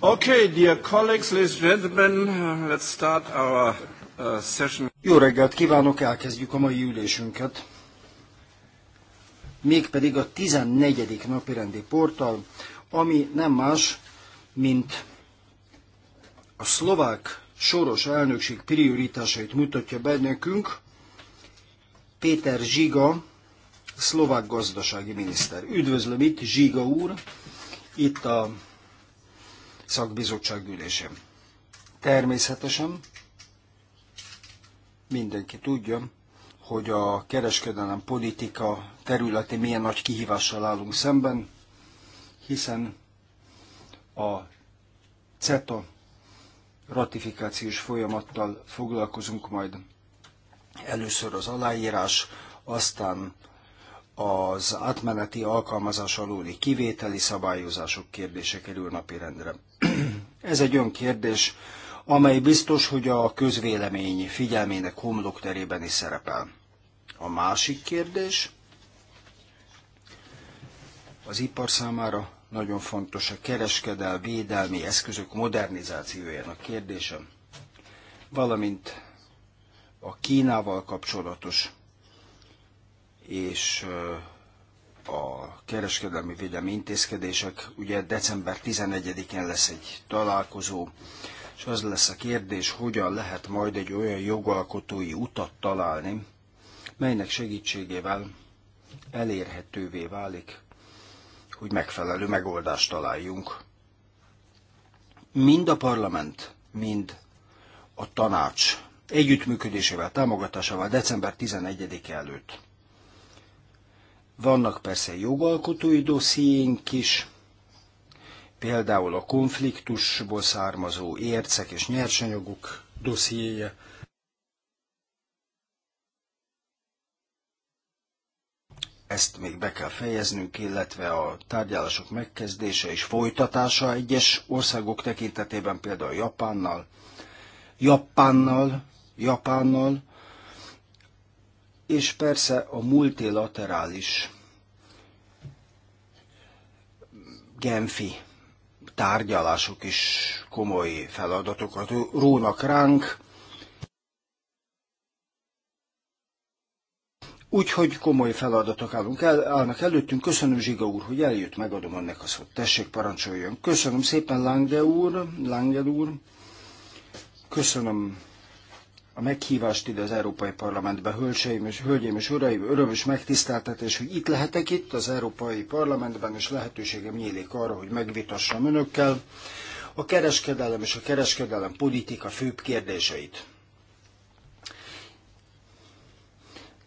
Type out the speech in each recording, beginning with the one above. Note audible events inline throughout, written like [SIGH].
Okay, dear colleagues, ladies and gentlemen, let's start our uh, session. Jó reggelt kívánok, elkezdjük a mai ülésünket. Mégpedig a 14. napi rendi portal, ami nem más, mint a szlovák soros elnökség prioritásait mutatja be nekünk Péter Zsiga, szlovák gazdasági miniszter. Üdvözlöm itt, Zsiga úr, itt a szakbizottság ülésem. Természetesen mindenki tudja, hogy a kereskedelem politika területén milyen nagy kihívással állunk szemben, hiszen a CETA ratifikációs folyamattal foglalkozunk majd először az aláírás, aztán az átmeneti alkalmazás alóli kivételi szabályozások kérdése kerül napirendre. Ez egy olyan kérdés, amely biztos, hogy a közvélemény figyelmének homlokterében is szerepel. A másik kérdés az ipar számára nagyon fontos a kereskedel védelmi eszközök modernizációjának kérdése, valamint a Kínával kapcsolatos és a kereskedelmi védelmi intézkedések. Ugye december 11-én lesz egy találkozó, és az lesz a kérdés, hogyan lehet majd egy olyan jogalkotói utat találni, melynek segítségével elérhetővé válik, hogy megfelelő megoldást találjunk. Mind a parlament, mind a tanács együttműködésével, támogatásával december 11-e előtt vannak persze jogalkotói dossziénk is, például a konfliktusból származó ércek és nyersanyagok dossziéje. Ezt még be kell fejeznünk, illetve a tárgyalások megkezdése és folytatása egyes országok tekintetében, például Japánnal, Japánnal, Japánnal, és persze a multilaterális genfi tárgyalások is komoly feladatokat rónak ránk, Úgyhogy komoly feladatok állunk el, állnak előttünk. Köszönöm Zsiga úr, hogy eljött, megadom annak a szót. Tessék, parancsoljon. Köszönöm szépen Lange úr, Lange úr. Köszönöm a meghívást ide az Európai Parlamentbe. Hölgyeim és, hölgyeim és uraim, és megtiszteltetés, hogy itt lehetek itt az Európai Parlamentben, és lehetőségem nyílik arra, hogy megvitassam önökkel a kereskedelem és a kereskedelem politika főbb kérdéseit.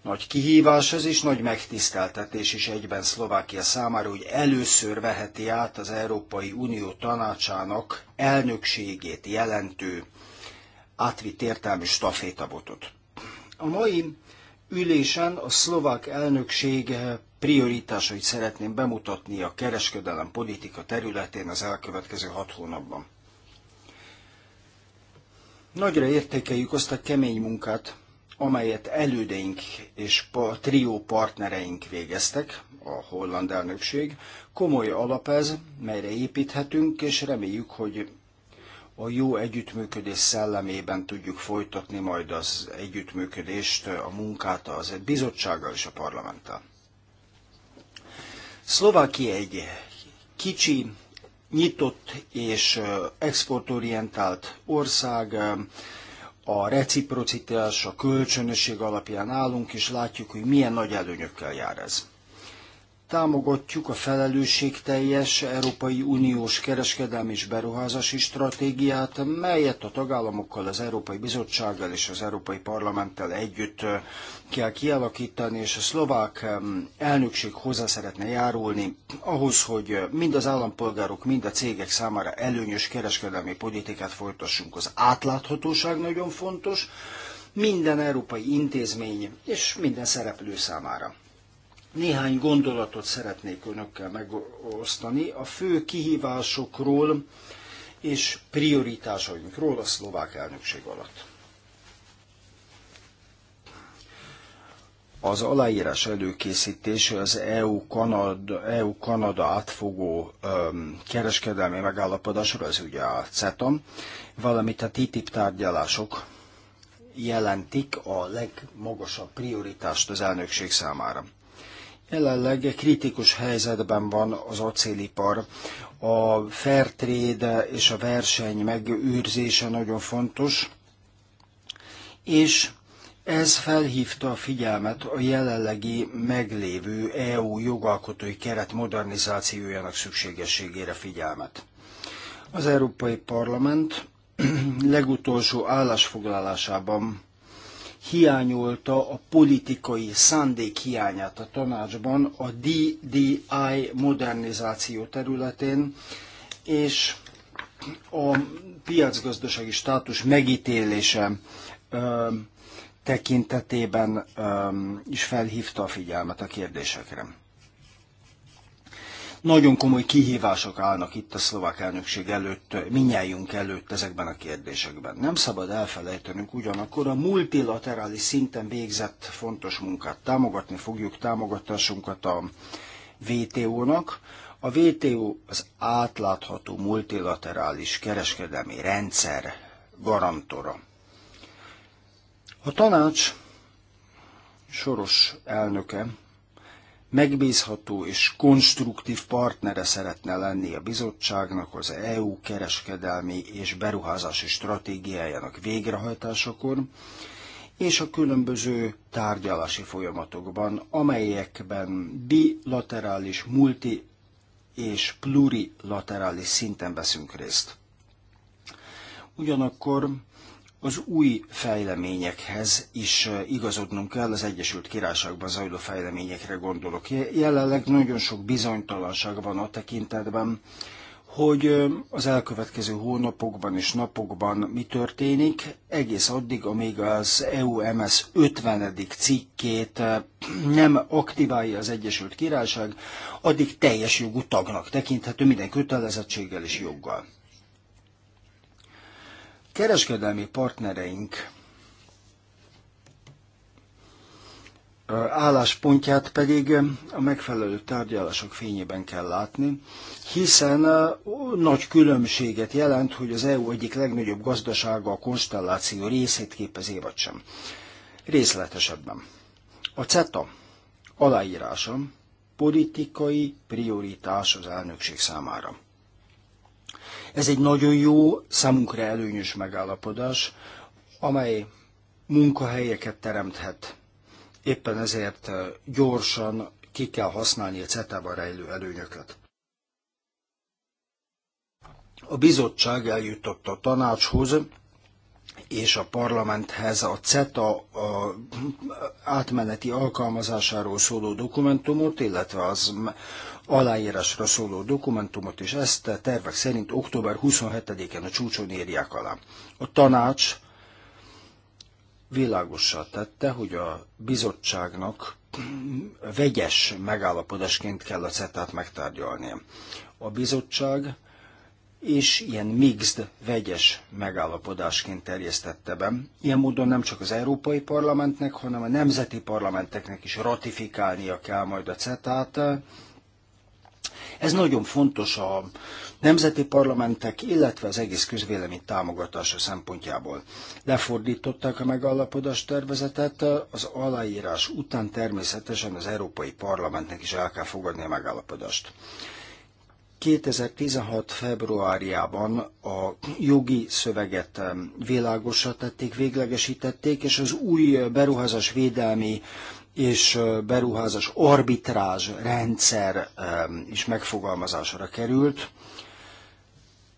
Nagy kihívás ez is, nagy megtiszteltetés is egyben Szlovákia számára, hogy először veheti át az Európai Unió tanácsának elnökségét jelentő átvitt értelmi stafétabotot. A mai ülésen a szlovák elnökség eh, prioritásait szeretném bemutatni a kereskedelem politika területén az elkövetkező hat hónapban. Nagyra értékeljük azt a kemény munkát, amelyet elődeink és a trió partnereink végeztek, a holland elnökség. Komoly alap ez, melyre építhetünk, és reméljük, hogy a jó együttműködés szellemében tudjuk folytatni majd az együttműködést, a munkát az bizottsággal és a parlamenttel. Szlovákia egy kicsi, nyitott és exportorientált ország, a reciprocitás, a kölcsönösség alapján állunk, és látjuk, hogy milyen nagy előnyökkel jár ez támogatjuk a felelősségteljes Európai Uniós kereskedelmi és beruházási stratégiát, melyet a tagállamokkal, az Európai Bizottsággal és az Európai Parlamenttel együtt kell kialakítani, és a szlovák elnökség hozzá szeretne járulni ahhoz, hogy mind az állampolgárok, mind a cégek számára előnyös kereskedelmi politikát folytassunk. Az átláthatóság nagyon fontos, minden európai intézmény és minden szereplő számára. Néhány gondolatot szeretnék önökkel megosztani a fő kihívásokról és prioritásainkról a szlovák elnökség alatt. az aláírás előkészítése az EU-Kanada EU -Kanada átfogó um, kereskedelmi megállapodásra, az ugye a CETA, valamint a TTIP tárgyalások jelentik a legmagasabb prioritást az elnökség számára. Jelenleg kritikus helyzetben van az acélipar. A fair trade és a verseny megőrzése nagyon fontos, és ez felhívta a figyelmet a jelenlegi meglévő EU jogalkotói keret modernizációjának szükségességére figyelmet. Az Európai Parlament [CLEARS THROAT] legutolsó állásfoglalásában hiányolta a politikai szándék hiányát a tanácsban a DDI modernizáció területén, és a piacgazdasági státus megítélése ö, tekintetében ö, is felhívta a figyelmet a kérdésekre. Nagyon komoly kihívások állnak itt a szlovák elnökség előtt, minnyájunk előtt ezekben a kérdésekben. Nem szabad elfelejtenünk ugyanakkor a multilaterális szinten végzett fontos munkát. Támogatni fogjuk támogatásunkat a WTO-nak. A WTO az átlátható multilaterális kereskedelmi rendszer garantora. A tanács soros elnöke megbízható és konstruktív partnere szeretne lenni a bizottságnak az EU kereskedelmi és beruházási stratégiájának végrehajtásakor, és a különböző tárgyalási folyamatokban, amelyekben bilaterális, multi és plurilaterális szinten veszünk részt. Ugyanakkor az új fejleményekhez is igazodnunk kell, az Egyesült Királyságban zajló fejleményekre gondolok. Jelenleg nagyon sok bizonytalanság van a tekintetben, hogy az elkövetkező hónapokban és napokban mi történik, egész addig, amíg az EU MS 50. cikkét nem aktiválja az Egyesült Királyság, addig teljes jogú tagnak tekinthető minden kötelezettséggel és joggal kereskedelmi partnereink álláspontját pedig a megfelelő tárgyalások fényében kell látni, hiszen nagy különbséget jelent, hogy az EU egyik legnagyobb gazdasága a konstelláció részét képezi, vagy sem. Részletesebben. A CETA aláírása politikai prioritás az elnökség számára. Ez egy nagyon jó, számunkra előnyös megállapodás, amely munkahelyeket teremthet. Éppen ezért gyorsan ki kell használni a CETA-ban rejlő előnyöket. A bizottság eljutott a tanácshoz és a parlamenthez a CETA a átmeneti alkalmazásáról szóló dokumentumot, illetve az aláírásra szóló dokumentumot, és ezt a tervek szerint október 27-én a csúcson írják alá. A tanács világossá tette, hogy a bizottságnak vegyes megállapodásként kell a CETA-t megtárgyalnia. A bizottság és ilyen mixed, vegyes megállapodásként terjesztette be. Ilyen módon nem csak az Európai Parlamentnek, hanem a nemzeti parlamenteknek is ratifikálnia kell majd a CETA-t, ez nagyon fontos a nemzeti parlamentek, illetve az egész közvélemény támogatása szempontjából. Lefordították a megállapodás tervezetet, az aláírás után természetesen az Európai Parlamentnek is el kell fogadni a megállapodást. 2016. februárjában a jogi szöveget um, világosra tették, véglegesítették, és az új beruházás védelmi és beruházás arbitrázs rendszer is megfogalmazásra került.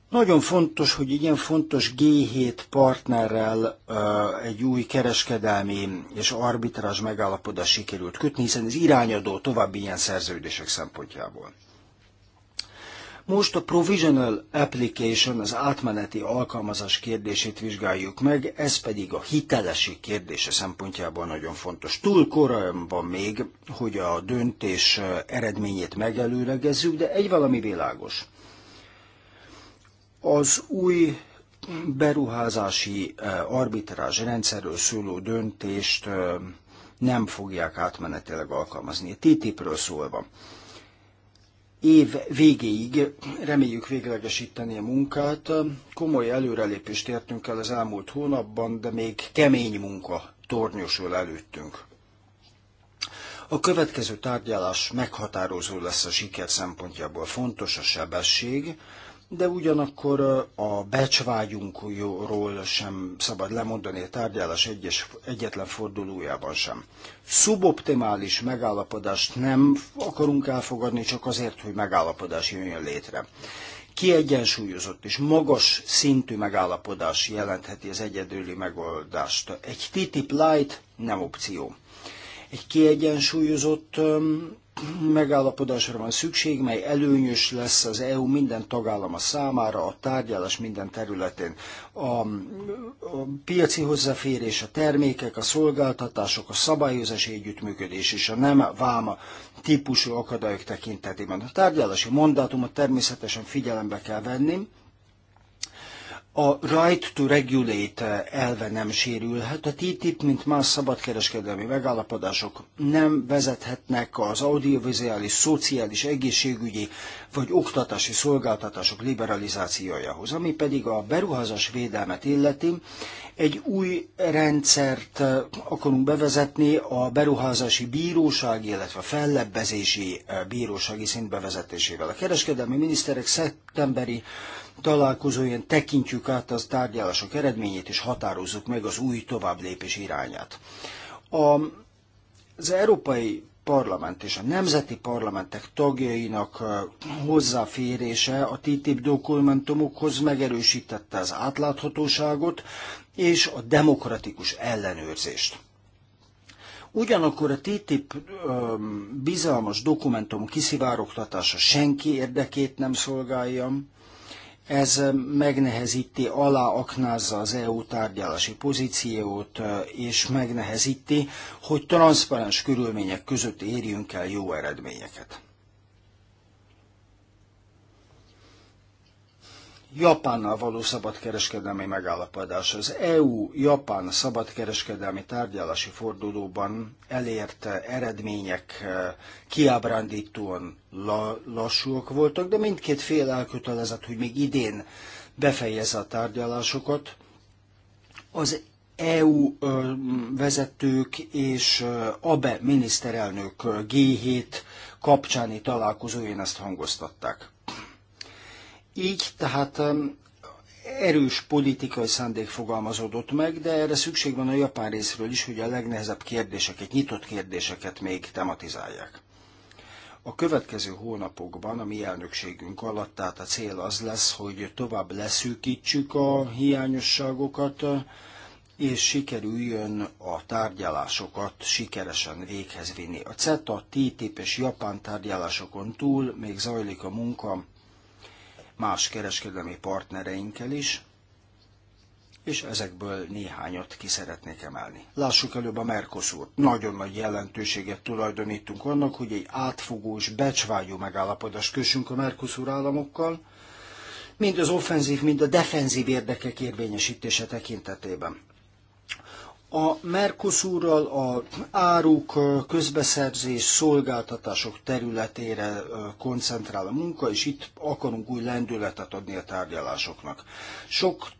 Nagyon fontos, hogy ilyen fontos G7 partnerrel egy új kereskedelmi és arbitrázs megállapodás sikerült kötni, hiszen ez irányadó további ilyen szerződések szempontjából. Most a Provisional Application, az átmeneti alkalmazás kérdését vizsgáljuk meg, ez pedig a hitelesi kérdése szempontjából nagyon fontos. Túl korán van még, hogy a döntés eredményét megelőlegezzük, de egy valami világos. Az új beruházási eh, arbitrázs rendszerről szóló döntést eh, nem fogják átmenetileg alkalmazni. TTIP-ről szólva év végéig reméljük véglegesíteni a munkát. Komoly előrelépést értünk el az elmúlt hónapban, de még kemény munka tornyosul előttünk. A következő tárgyalás meghatározó lesz a siker szempontjából. Fontos a sebesség, de ugyanakkor a becsvágyunkról sem szabad lemondani a tárgyalás egyes, egyetlen fordulójában sem. Suboptimális megállapodást nem akarunk elfogadni, csak azért, hogy megállapodás jöjjön létre. Kiegyensúlyozott és magas szintű megállapodás jelentheti az egyedüli megoldást. Egy TTIP light nem opció. Egy kiegyensúlyozott megállapodásra van szükség, mely előnyös lesz az EU minden tagállama számára a tárgyalás minden területén. A, a piaci hozzáférés, a termékek, a szolgáltatások, a szabályozási együttműködés és a nem váma típusú akadályok tekintetében. A tárgyalási mandátumot természetesen figyelembe kell venni, a right to regulate eh, elve nem sérülhet. A TTIP, mint más szabadkereskedelmi megállapodások nem vezethetnek az audiovizuális, szociális, egészségügyi vagy oktatási szolgáltatások liberalizációjához, ami pedig a beruházás védelmet illeti. Egy új rendszert eh, akarunk bevezetni a beruházási bíróság, illetve a fellebbezési eh, bírósági szint bevezetésével. A kereskedelmi miniszterek szeptemberi találkozóján tekintjük át az tárgyalások eredményét, és határozzuk meg az új tovább lépés irányát. A, az Európai Parlament és a nemzeti parlamentek tagjainak eh, hozzáférése a TTIP dokumentumokhoz megerősítette az átláthatóságot és a demokratikus ellenőrzést. Ugyanakkor a TTIP eh, bizalmas dokumentum kiszivárogtatása senki érdekét nem szolgálja, ez megnehezíti, aláaknázza az EU tárgyalási pozíciót, és megnehezíti, hogy transzparens körülmények között érjünk el jó eredményeket. Japánnal való szabadkereskedelmi megállapodás. Az EU-Japán szabadkereskedelmi tárgyalási fordulóban elért eredmények eh, kiábrándítóan la- lassúak voltak, de mindkét fél elkötelezett, hogy még idén befejezze a tárgyalásokat. Az EU eh, vezetők és eh, ABE miniszterelnök G7 kapcsáni találkozóján ezt hangoztatták. Így tehát erős politikai szándék fogalmazódott meg, de erre szükség van a japán részről is, hogy a legnehezebb kérdéseket, nyitott kérdéseket még tematizálják. A következő hónapokban a mi elnökségünk alatt, tehát a cél az lesz, hogy tovább leszűkítsük a hiányosságokat, és sikerüljön a tárgyalásokat sikeresen véghez vinni. A CETA, TTIP és Japán tárgyalásokon túl még zajlik a munka más kereskedelmi partnereinkkel is, és ezekből néhányat ki szeretnék emelni. Lássuk előbb a mercosur Nagyon nagy jelentőséget tulajdonítunk annak, hogy egy átfogó és becsvágyó megállapodást kössünk a Mercosur államokkal, mind az offenzív, mind a defenzív érdekek érvényesítése tekintetében. A Mercosurral a áruk közbeszerzés szolgáltatások területére koncentrál a munka, és itt akarunk új lendületet adni a tárgyalásoknak. Sok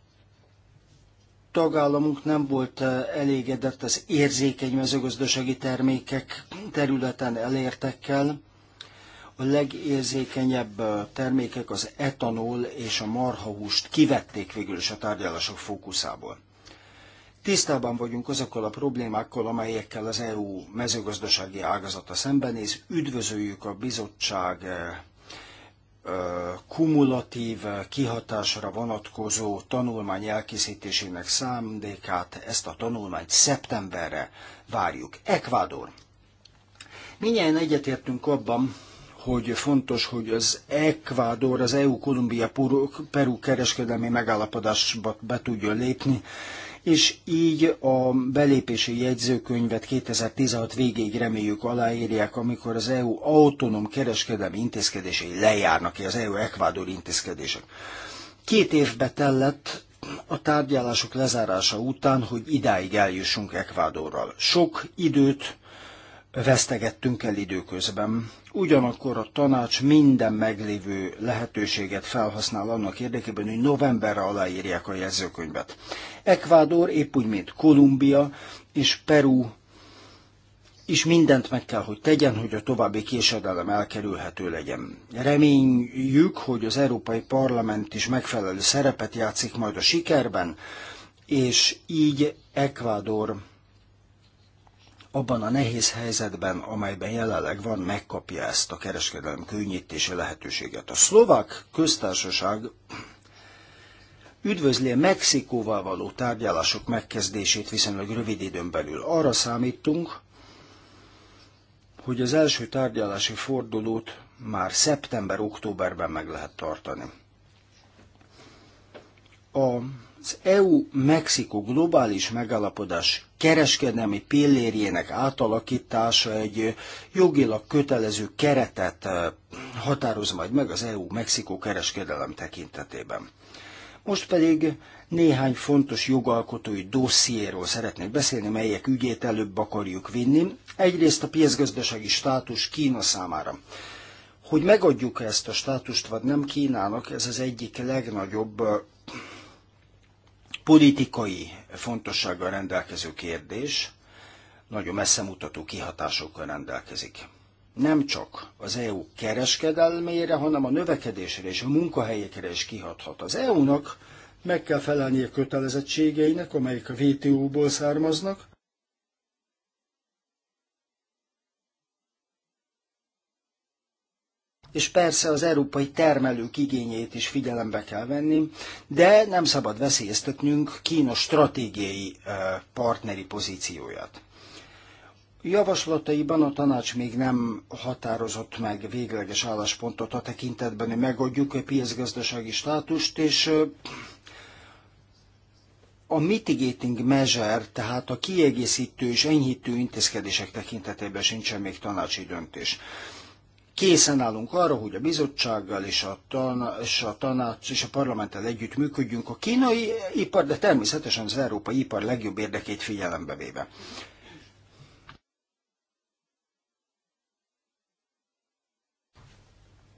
tagállamunk nem volt elégedett az érzékeny mezőgazdasági termékek területen elértekkel. A legérzékenyebb termékek az etanol és a marhahúst kivették végül is a tárgyalások fókuszából. Tisztában vagyunk azokkal a problémákkal, amelyekkel az EU mezőgazdasági ágazata szembenéz. Üdvözöljük a bizottság eh, eh, kumulatív eh, kihatásra vonatkozó tanulmány elkészítésének szándékát, ezt a tanulmányt szeptemberre várjuk. Ekvádor. Minnyáján egyetértünk abban, hogy fontos, hogy az Ekvádor az EU-Kolumbia-Peru kereskedelmi megállapodásba be tudjon lépni, és így a belépési jegyzőkönyvet 2016 végéig reméljük aláírják, amikor az EU autonóm kereskedelmi intézkedései lejárnak, az EU Ekvádor intézkedések. Két évbe tellett a tárgyalások lezárása után, hogy idáig eljussunk Ekvádorral. Sok időt vesztegettünk el időközben. Ugyanakkor a tanács minden meglévő lehetőséget felhasznál annak érdekében, hogy novemberre aláírják a jelzőkönyvet. Ekvádor, épp úgy, mint Kolumbia és Peru is mindent meg kell, hogy tegyen, hogy a további késedelem elkerülhető legyen. Reményjük, hogy az Európai Parlament is megfelelő szerepet játszik majd a sikerben, és így Ekvádor abban a nehéz helyzetben, amelyben jelenleg van, megkapja ezt a kereskedelem könnyítési lehetőséget. A szlovák köztársaság üdvözli a Mexikóval való tárgyalások megkezdését viszonylag rövid időn belül. Arra számítunk, hogy az első tárgyalási fordulót már szeptember-októberben meg lehet tartani. A az EU-Mexikó globális megállapodás kereskedelmi pillérjének átalakítása egy jogilag kötelező keretet határoz majd meg az EU-Mexikó kereskedelem tekintetében. Most pedig néhány fontos jogalkotói dossziéről szeretnék beszélni, melyek ügyét előbb akarjuk vinni. Egyrészt a piacgazdasági státus Kína számára. Hogy megadjuk ezt a státust, vagy nem Kínának, ez az egyik legnagyobb politikai fontossággal rendelkező kérdés, nagyon messze mutató kihatásokkal rendelkezik. Nem csak az EU kereskedelmére, hanem a növekedésre és a munkahelyekre is kihathat. Az EU-nak meg kell felelnie kötelezettségeinek, amelyek a WTO-ból származnak, és persze az európai termelők igényét is figyelembe kell venni, de nem szabad veszélyeztetnünk Kína stratégiai partneri pozícióját. Javaslataiban a tanács még nem határozott meg végleges álláspontot a tekintetben, hogy megadjuk a piacgazdasági státust, és a mitigating measure, tehát a kiegészítő és enyhítő intézkedések tekintetében sincsen még tanácsi döntés készen állunk arra, hogy a bizottsággal és a, tan- és a tanács és a parlamenttel együtt működjünk a kínai ipar, de természetesen az európai ipar legjobb érdekét figyelembe véve.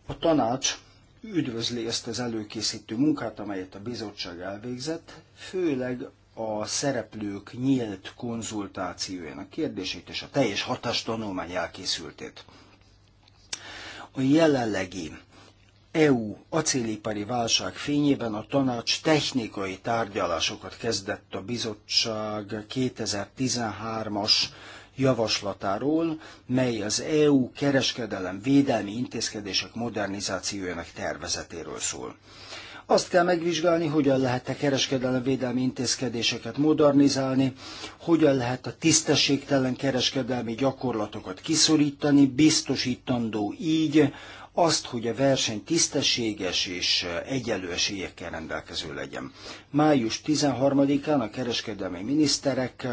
A tanács üdvözli ezt az előkészítő munkát, amelyet a bizottság elvégzett, főleg a szereplők nyílt konzultációjának kérdését és a teljes hatástanulmány elkészültét. A jelenlegi EU acélipari válság fényében a tanács technikai tárgyalásokat kezdett a bizottság 2013-as javaslatáról, mely az EU kereskedelem védelmi intézkedések modernizációjának tervezetéről szól. Azt kell megvizsgálni, hogyan lehet a védelmi intézkedéseket modernizálni, hogyan lehet a tisztességtelen kereskedelmi gyakorlatokat kiszorítani, biztosítandó így azt, hogy a verseny tisztességes és egyenlő esélyekkel rendelkező legyen. Május 13-án a kereskedelmi miniszterek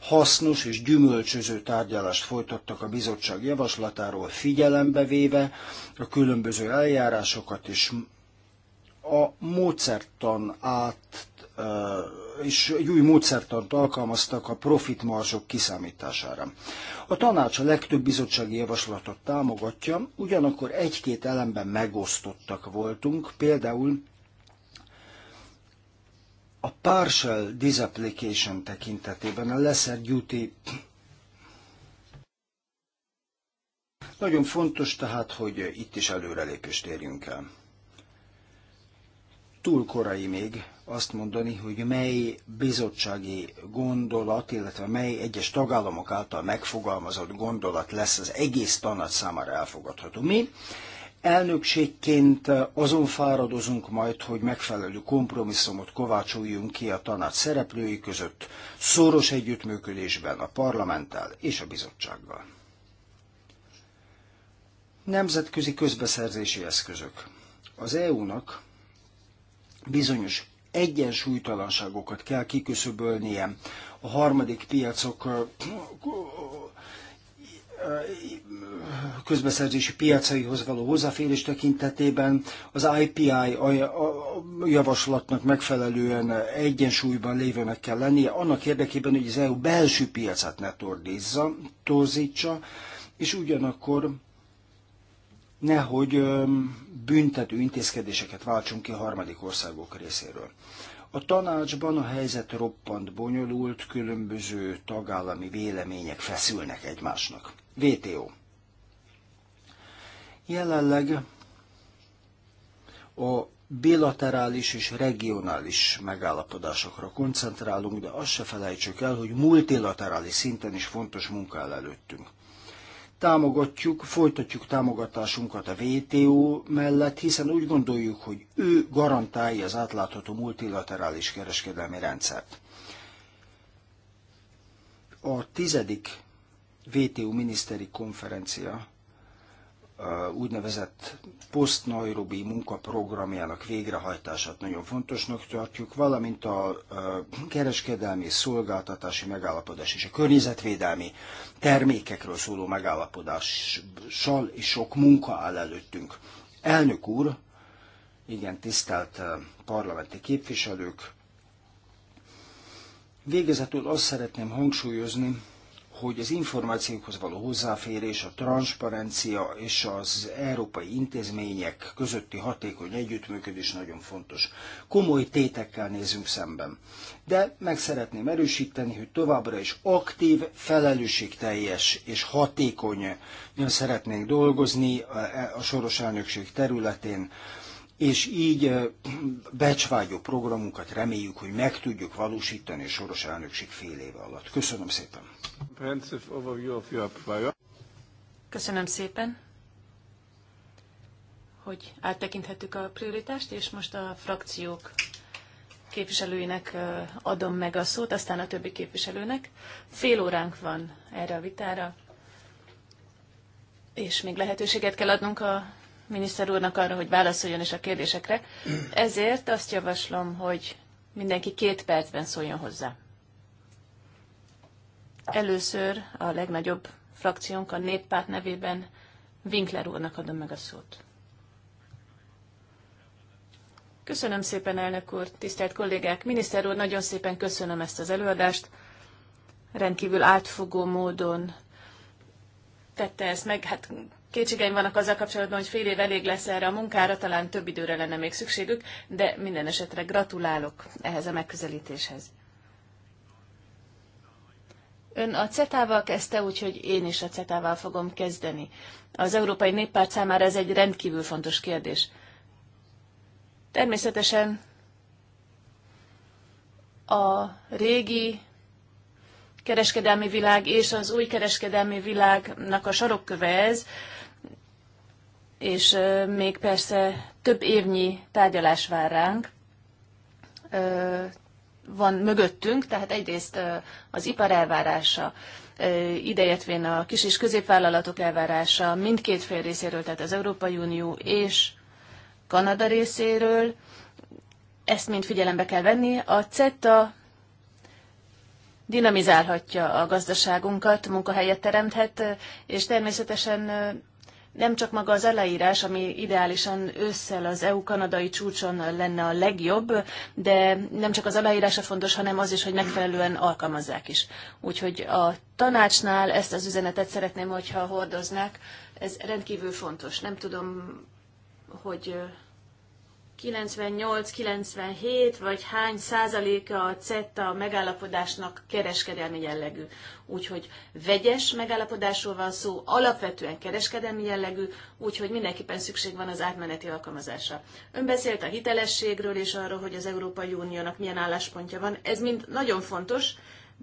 hasznos és gyümölcsöző tárgyalást folytattak a bizottság javaslatáról, figyelembe véve a különböző eljárásokat és a módszertan át és egy új módszertant alkalmaztak a marzsok kiszámítására. A tanács a legtöbb bizottsági javaslatot támogatja, ugyanakkor egy-két elemben megosztottak voltunk, például a partial disapplication tekintetében a lesser duty nagyon fontos tehát, hogy itt is előrelépést érjünk el túl korai még azt mondani, hogy mely bizottsági gondolat, illetve mely egyes tagállamok által megfogalmazott gondolat lesz az egész tanács számára elfogadható. Mi elnökségként azon fáradozunk majd, hogy megfelelő kompromisszumot kovácsoljunk ki a tanács szereplői között, szoros együttműködésben a parlamenttel és a bizottsággal. Nemzetközi közbeszerzési eszközök. Az EU-nak bizonyos egyensúlytalanságokat kell kiküszöbölnie a harmadik piacok közbeszerzési piacaihoz való hozzáférés tekintetében az IPI javaslatnak megfelelően egyensúlyban lévőnek kell lennie, annak érdekében, hogy az EU belső piacát ne torzítsa, és ugyanakkor nehogy büntető intézkedéseket váltsunk ki a harmadik országok részéről. A tanácsban a helyzet roppant bonyolult, különböző tagállami vélemények feszülnek egymásnak. VTO. Jelenleg a bilaterális és regionális megállapodásokra koncentrálunk, de azt se felejtsük el, hogy multilaterális szinten is fontos munka áll előttünk támogatjuk, folytatjuk támogatásunkat a WTO mellett, hiszen úgy gondoljuk, hogy ő garantálja az átlátható multilaterális kereskedelmi rendszert. A tizedik WTO miniszteri konferencia úgynevezett post-Nairobi munkaprogramjának végrehajtását nagyon fontosnak tartjuk, valamint a kereskedelmi szolgáltatási megállapodás és a környezetvédelmi termékekről szóló megállapodással is sok munka áll előttünk. Elnök úr, igen, tisztelt parlamenti képviselők, végezetül azt szeretném hangsúlyozni, hogy az információkhoz való hozzáférés, a transparencia és az európai intézmények közötti hatékony együttműködés nagyon fontos. Komoly tétekkel nézünk szemben. De meg szeretném erősíteni, hogy továbbra is aktív, felelősségteljes és hatékony szeretnénk dolgozni a soros elnökség területén és így becsvágyó programunkat reméljük, hogy meg tudjuk valósítani a soros elnökség fél éve alatt. Köszönöm szépen! Köszönöm szépen, hogy áttekinthettük a prioritást, és most a frakciók képviselőinek adom meg a szót, aztán a többi képviselőnek. Fél óránk van erre a vitára, és még lehetőséget kell adnunk a miniszter úrnak arra, hogy válaszoljon is a kérdésekre. Ezért azt javaslom, hogy mindenki két percben szóljon hozzá. Először a legnagyobb frakciónk a néppárt nevében Winkler úrnak adom meg a szót. Köszönöm szépen, elnök úr, tisztelt kollégák, miniszter úr, nagyon szépen köszönöm ezt az előadást. Rendkívül átfogó módon tette ezt meg, hát Kétségeim vannak azzal kapcsolatban, hogy fél év elég lesz erre a munkára, talán több időre lenne még szükségük, de minden esetre gratulálok ehhez a megközelítéshez. Ön a CETA-val kezdte, úgyhogy én is a CETA-val fogom kezdeni. Az Európai Néppárt számára ez egy rendkívül fontos kérdés. Természetesen a régi kereskedelmi világ és az új kereskedelmi világnak a sarokköve ez, és még persze több évnyi tárgyalás vár ránk van mögöttünk, tehát egyrészt az ipar elvárása, idejetvén a kis és középvállalatok elvárása mindkét fél részéről, tehát az Európai Unió és Kanada részéről, ezt mind figyelembe kell venni. A CETA dinamizálhatja a gazdaságunkat, munkahelyet teremthet, és természetesen nem csak maga az aláírás, ami ideálisan ősszel az EU-kanadai csúcson lenne a legjobb, de nem csak az aláírása fontos, hanem az is, hogy megfelelően alkalmazzák is. Úgyhogy a tanácsnál ezt az üzenetet szeretném, hogyha hordoznák. Ez rendkívül fontos. Nem tudom, hogy 98-97 vagy hány százaléka a CETA megállapodásnak kereskedelmi jellegű. Úgyhogy vegyes megállapodásról van szó, alapvetően kereskedelmi jellegű, úgyhogy mindenképpen szükség van az átmeneti alkalmazásra. Ön beszélt a hitelességről és arról, hogy az Európai Uniónak milyen álláspontja van. Ez mind nagyon fontos,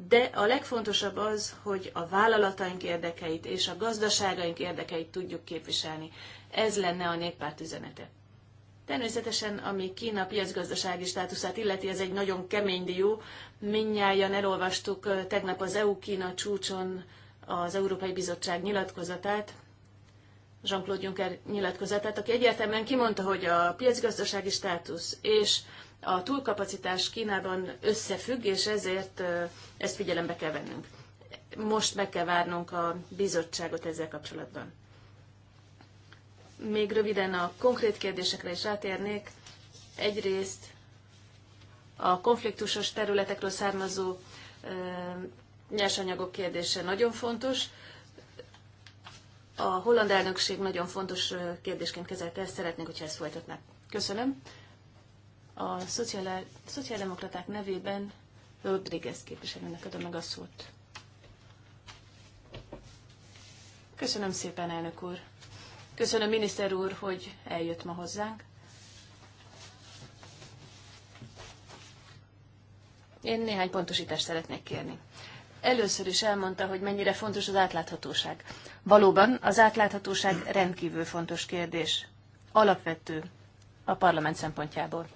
de a legfontosabb az, hogy a vállalataink érdekeit és a gazdaságaink érdekeit tudjuk képviselni. Ez lenne a néppárt üzenete. Természetesen, ami Kína piacgazdasági státuszát illeti, ez egy nagyon kemény dió. Mindnyájan elolvastuk tegnap az EU-Kína csúcson az Európai Bizottság nyilatkozatát, Jean-Claude Juncker nyilatkozatát, aki egyértelműen kimondta, hogy a piacgazdasági státusz és a túlkapacitás Kínában összefügg, és ezért ezt figyelembe kell vennünk. Most meg kell várnunk a bizottságot ezzel kapcsolatban. Még röviden a konkrét kérdésekre is átérnék. Egyrészt a konfliktusos területekről származó nyersanyagok kérdése nagyon fontos. A holland elnökség nagyon fontos kérdésként kezelte ezt, szeretnénk, hogyha ezt folytatnák. Köszönöm. A szociál, szociáldemokraták nevében Rodriguez képviselőnek adom meg a szót. Köszönöm szépen, elnök úr. Köszönöm, miniszter úr, hogy eljött ma hozzánk. Én néhány pontosítást szeretnék kérni. Először is elmondta, hogy mennyire fontos az átláthatóság. Valóban az átláthatóság rendkívül fontos kérdés. Alapvető a parlament szempontjából.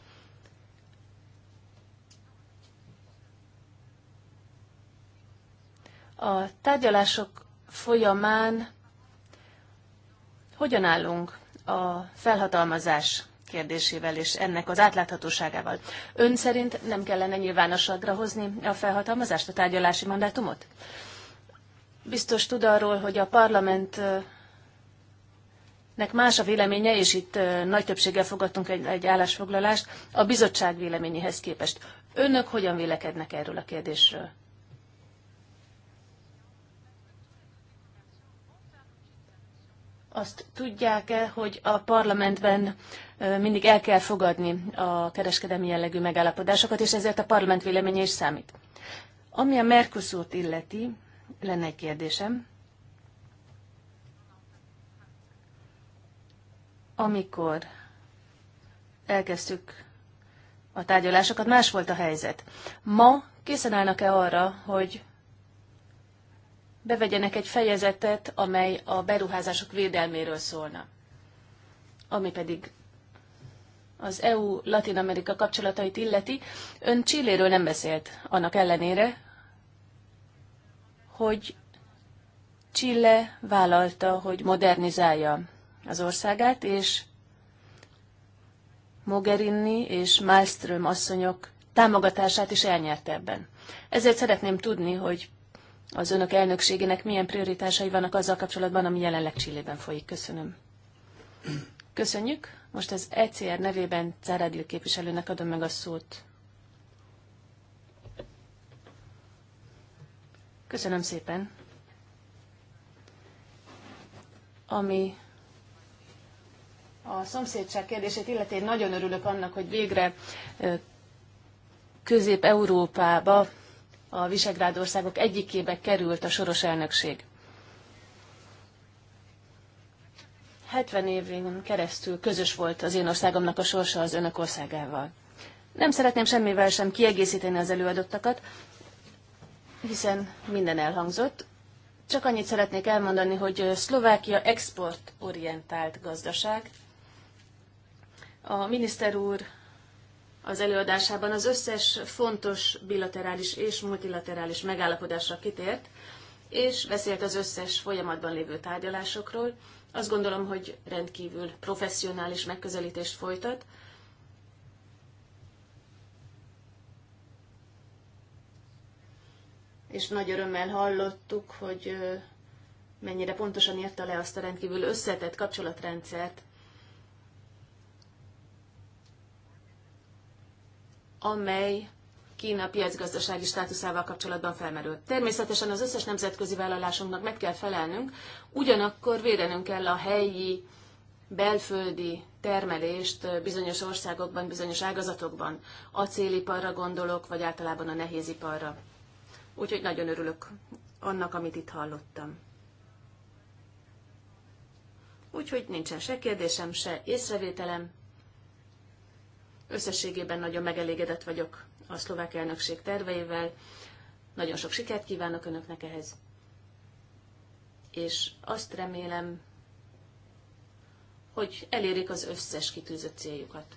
A tárgyalások folyamán hogyan állunk a felhatalmazás kérdésével és ennek az átláthatóságával. Ön szerint nem kellene nyilvánosságra hozni a felhatalmazást, a tárgyalási mandátumot? Biztos tud arról, hogy a parlamentnek más a véleménye, és itt nagy többséggel fogadtunk egy, egy állásfoglalást a bizottság véleményéhez képest. Önök hogyan vélekednek erről a kérdésről? azt tudják-e, hogy a parlamentben mindig el kell fogadni a kereskedelmi jellegű megállapodásokat, és ezért a parlament véleménye is számít. Ami a Mercosurt illeti, lenne egy kérdésem. Amikor elkezdtük a tárgyalásokat, más volt a helyzet. Ma készen állnak-e arra, hogy bevegyenek egy fejezetet, amely a beruházások védelméről szólna, ami pedig az EU-Latin Amerika kapcsolatait illeti. Ön Csilléről nem beszélt, annak ellenére, hogy Chile vállalta, hogy modernizálja az országát, és Mogherini és Malmström asszonyok támogatását is elnyerte ebben. Ezért szeretném tudni, hogy az önök elnökségének milyen prioritásai vannak azzal kapcsolatban, ami jelenleg Csillében folyik. Köszönöm. Köszönjük. Most az ECR nevében Cáradil képviselőnek adom meg a szót. Köszönöm szépen. Ami a szomszédság kérdését illeti, nagyon örülök annak, hogy végre Közép-Európába a Visegrád országok egyikébe került a soros elnökség. 70 évén keresztül közös volt az én országomnak a sorsa az önök országával. Nem szeretném semmivel sem kiegészíteni az előadottakat, hiszen minden elhangzott. Csak annyit szeretnék elmondani, hogy Szlovákia exportorientált gazdaság. A miniszter úr az előadásában az összes fontos bilaterális és multilaterális megállapodásra kitért, és beszélt az összes folyamatban lévő tárgyalásokról. Azt gondolom, hogy rendkívül professzionális megközelítést folytat. És nagy örömmel hallottuk, hogy mennyire pontosan írta le azt a rendkívül összetett kapcsolatrendszert, amely Kína piacgazdasági státuszával kapcsolatban felmerült. Természetesen az összes nemzetközi vállalásunknak meg kell felelnünk, ugyanakkor védenünk kell a helyi belföldi termelést bizonyos országokban, bizonyos ágazatokban. Acéliparra gondolok, vagy általában a nehéziparra. Úgyhogy nagyon örülök annak, amit itt hallottam. Úgyhogy nincsen se kérdésem, se észrevételem. Összességében nagyon megelégedett vagyok a szlovák elnökség terveivel. Nagyon sok sikert kívánok Önöknek ehhez. És azt remélem, hogy elérik az összes kitűzött céljukat.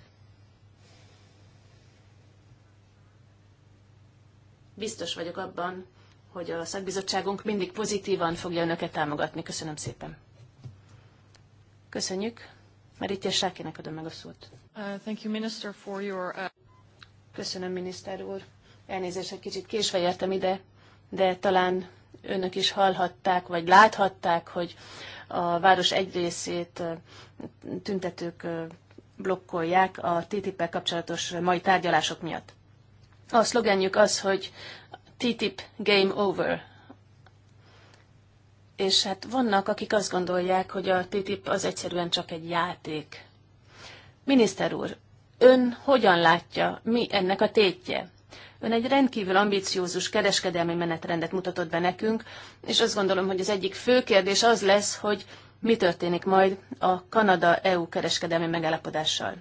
Biztos vagyok abban, hogy a szakbizottságunk mindig pozitívan fogja önöket támogatni. Köszönöm szépen. Köszönjük. Maritja adom meg a szót. Uh, thank you, Minister, for your... Uh... Köszönöm, miniszter úr. Elnézést, hogy kicsit késve értem ide, de talán önök is hallhatták, vagy láthatták, hogy a város egy részét uh, tüntetők uh, blokkolják a ttip kapcsolatos mai tárgyalások miatt. A szlogenjük az, hogy TTIP Game Over, és hát vannak, akik azt gondolják, hogy a TTIP az egyszerűen csak egy játék. Miniszter úr, ön hogyan látja, mi ennek a tétje? Ön egy rendkívül ambiciózus kereskedelmi menetrendet mutatott be nekünk, és azt gondolom, hogy az egyik fő kérdés az lesz, hogy mi történik majd a Kanada-EU kereskedelmi megállapodással.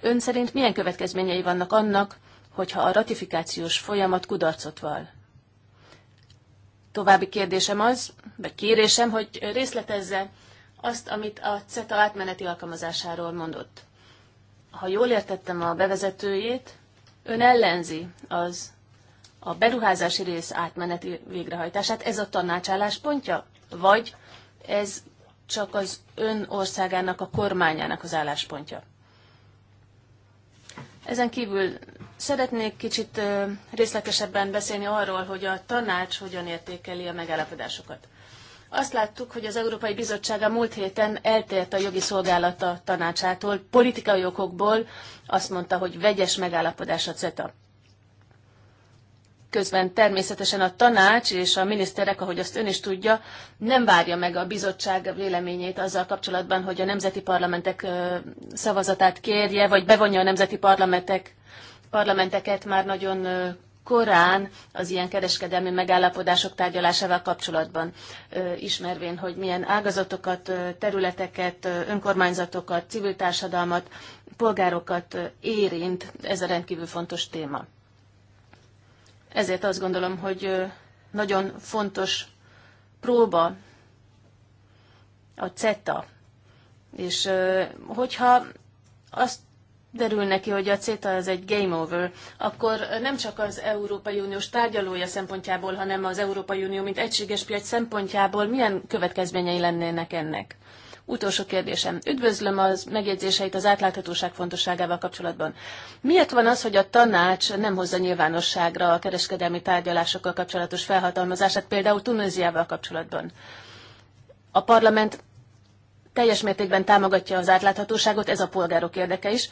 Ön szerint milyen következményei vannak annak, hogyha a ratifikációs folyamat kudarcot val? További kérdésem az, vagy kérésem, hogy részletezze azt, amit a CETA átmeneti alkalmazásáról mondott. Ha jól értettem a bevezetőjét, ön ellenzi az a beruházási rész átmeneti végrehajtását. Ez a tanács pontja? Vagy ez csak az ön országának, a kormányának az álláspontja? Ezen kívül Szeretnék kicsit részletesebben beszélni arról, hogy a tanács hogyan értékeli a megállapodásokat. Azt láttuk, hogy az Európai Bizottság a múlt héten eltért a jogi szolgálata tanácsától, politikai okokból azt mondta, hogy vegyes megállapodás a CETA. Közben természetesen a tanács és a miniszterek, ahogy azt ön is tudja, nem várja meg a bizottság véleményét azzal kapcsolatban, hogy a nemzeti parlamentek szavazatát kérje, vagy bevonja a nemzeti parlamentek parlamenteket már nagyon korán az ilyen kereskedelmi megállapodások tárgyalásával kapcsolatban, ismervén, hogy milyen ágazatokat, területeket, önkormányzatokat, civil társadalmat, polgárokat érint ez a rendkívül fontos téma. Ezért azt gondolom, hogy nagyon fontos próba a CETA. És hogyha azt derül neki, hogy a CETA az egy game over, akkor nem csak az Európai Uniós tárgyalója szempontjából, hanem az Európai Unió, mint egységes piac szempontjából milyen következményei lennének ennek? Utolsó kérdésem. Üdvözlöm az megjegyzéseit az átláthatóság fontosságával kapcsolatban. Miért van az, hogy a tanács nem hozza nyilvánosságra a kereskedelmi tárgyalásokkal kapcsolatos felhatalmazását, például Tunéziával kapcsolatban? A parlament teljes mértékben támogatja az átláthatóságot, ez a polgárok érdeke is,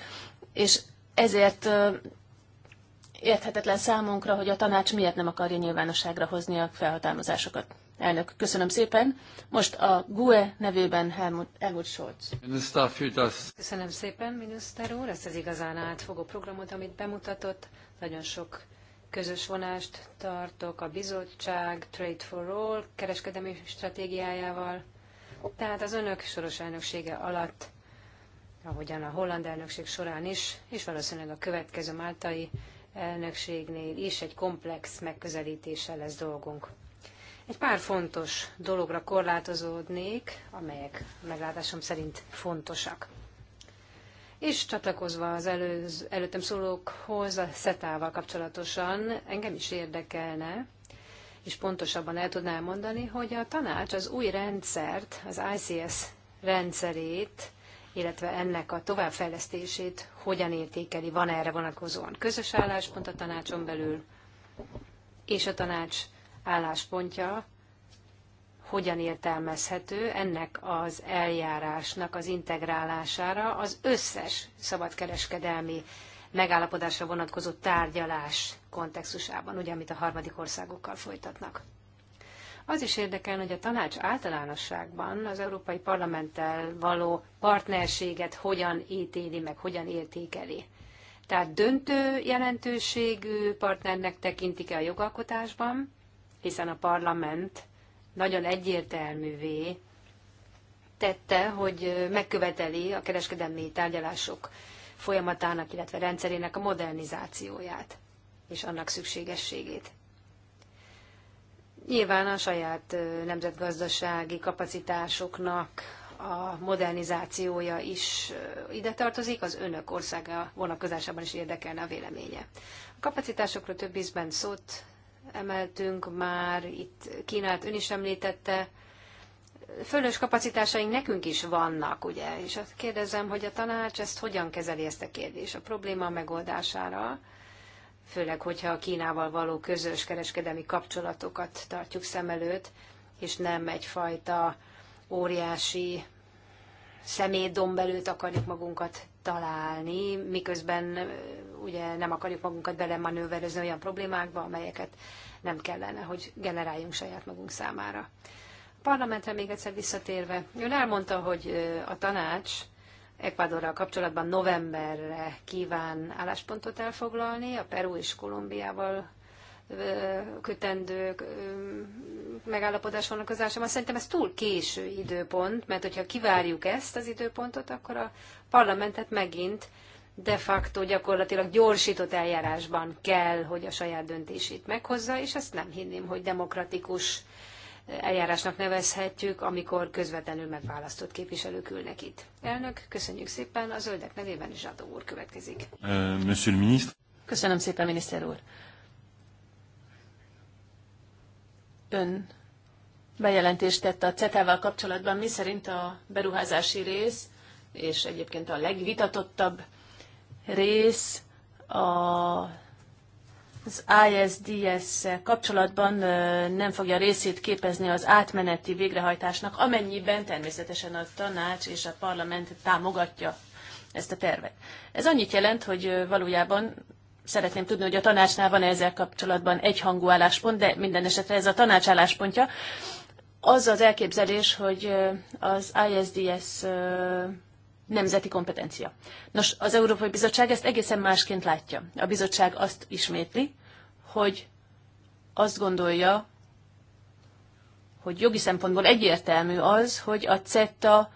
és ezért érthetetlen számunkra, hogy a tanács miért nem akarja nyilvánosságra hozni a felhatalmazásokat. Elnök, köszönöm szépen. Most a GUE nevében Helmut, Helmut Scholz. Köszönöm szépen, miniszter úr, ezt az igazán átfogó programot, amit bemutatott. Nagyon sok közös vonást tartok a bizottság Trade for All kereskedelmi stratégiájával. Tehát az önök soros elnöksége alatt ahogyan a holland elnökség során is, és valószínűleg a következő máltai elnökségnél is egy komplex megközelítéssel lesz dolgunk. Egy pár fontos dologra korlátozódnék, amelyek meglátásom szerint fontosak. És csatlakozva az előz, előttem szólókhoz, a szetával kapcsolatosan engem is érdekelne, és pontosabban el tudnám mondani, hogy a tanács az új rendszert, az ICS rendszerét illetve ennek a továbbfejlesztését hogyan értékeli, van -e erre vonatkozóan közös álláspont a tanácson belül, és a tanács álláspontja hogyan értelmezhető ennek az eljárásnak az integrálására az összes szabadkereskedelmi megállapodásra vonatkozó tárgyalás kontextusában, ugye, amit a harmadik országokkal folytatnak. Az is érdekel, hogy a tanács általánosságban az Európai Parlamenttel való partnerséget hogyan ítéli, meg hogyan értékeli. Tehát döntő jelentőségű partnernek tekintik-e a jogalkotásban, hiszen a parlament nagyon egyértelművé tette, hogy megköveteli a kereskedelmi tárgyalások folyamatának, illetve rendszerének a modernizációját és annak szükségességét. Nyilván a saját nemzetgazdasági kapacitásoknak a modernizációja is ide tartozik, az önök országa vonatkozásában is érdekelne a véleménye. A kapacitásokról több ízben szót emeltünk már, itt Kínát ön is említette, fölös kapacitásaink nekünk is vannak, ugye? És azt kérdezem, hogy a tanács ezt hogyan kezeli ezt a kérdést, a probléma megoldására, főleg, hogyha a Kínával való közös kereskedelmi kapcsolatokat tartjuk szem előtt, és nem egyfajta óriási szemétdomb előtt akarjuk magunkat találni, miközben ugye nem akarjuk magunkat belemanőverezni olyan problémákba, amelyeket nem kellene, hogy generáljunk saját magunk számára. A parlamentre még egyszer visszatérve, ő elmondta, hogy a tanács Ecuadorral kapcsolatban novemberre kíván álláspontot elfoglalni, a Peru és Kolumbiával kötendő megállapodás vonatkozásában. Szerintem ez túl késő időpont, mert hogyha kivárjuk ezt az időpontot, akkor a parlamentet megint de facto gyakorlatilag gyorsított eljárásban kell, hogy a saját döntését meghozza, és ezt nem hinném, hogy demokratikus eljárásnak nevezhetjük, amikor közvetlenül megválasztott képviselők ülnek itt. Elnök, köszönjük szépen, a zöldek nevében Zsadó úr következik. Euh, monsieur le ministre. Köszönöm szépen, miniszter úr. Ön bejelentést tett a CETA-val kapcsolatban, mi szerint a beruházási rész, és egyébként a legvitatottabb rész a az ISDS kapcsolatban nem fogja részét képezni az átmeneti végrehajtásnak, amennyiben természetesen a tanács és a parlament támogatja ezt a tervet. Ez annyit jelent, hogy valójában szeretném tudni, hogy a tanácsnál van -e ezzel kapcsolatban egyhangú álláspont, de minden esetre ez a tanács álláspontja. Az az elképzelés, hogy az ISDS nemzeti kompetencia. Nos, az Európai Bizottság ezt egészen másként látja. A bizottság azt ismétli, hogy azt gondolja, hogy jogi szempontból egyértelmű az, hogy a CETA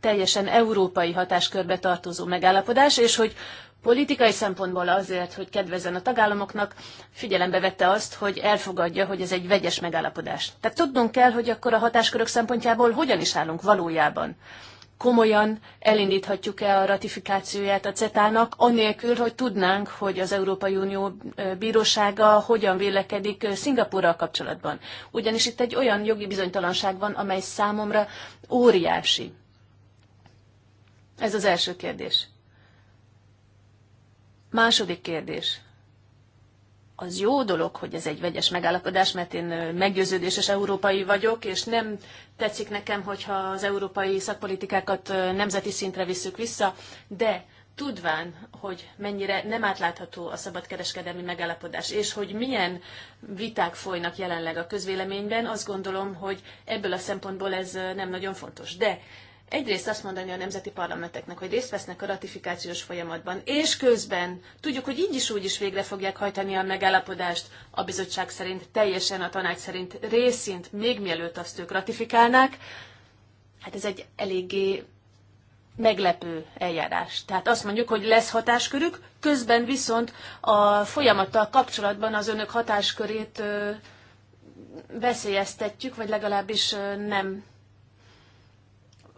teljesen európai hatáskörbe tartozó megállapodás, és hogy politikai szempontból azért, hogy kedvezzen a tagállamoknak, figyelembe vette azt, hogy elfogadja, hogy ez egy vegyes megállapodás. Tehát tudnunk kell, hogy akkor a hatáskörök szempontjából hogyan is állunk valójában komolyan elindíthatjuk-e a ratifikációját a CETA-nak, anélkül, hogy tudnánk, hogy az Európai Unió bírósága hogyan vélekedik Szingapurral kapcsolatban. Ugyanis itt egy olyan jogi bizonytalanság van, amely számomra óriási. Ez az első kérdés. Második kérdés az jó dolog, hogy ez egy vegyes megállapodás, mert én meggyőződéses európai vagyok, és nem tetszik nekem, hogyha az európai szakpolitikákat nemzeti szintre visszük vissza, de tudván, hogy mennyire nem átlátható a szabadkereskedelmi megállapodás, és hogy milyen viták folynak jelenleg a közvéleményben, azt gondolom, hogy ebből a szempontból ez nem nagyon fontos. De egyrészt azt mondani a nemzeti parlamenteknek, hogy részt vesznek a ratifikációs folyamatban, és közben tudjuk, hogy így is úgy is végre fogják hajtani a megállapodást a bizottság szerint, teljesen a tanács szerint részint, még mielőtt azt ők ratifikálnák, hát ez egy eléggé meglepő eljárás. Tehát azt mondjuk, hogy lesz hatáskörük, közben viszont a folyamattal kapcsolatban az önök hatáskörét veszélyeztetjük, vagy legalábbis nem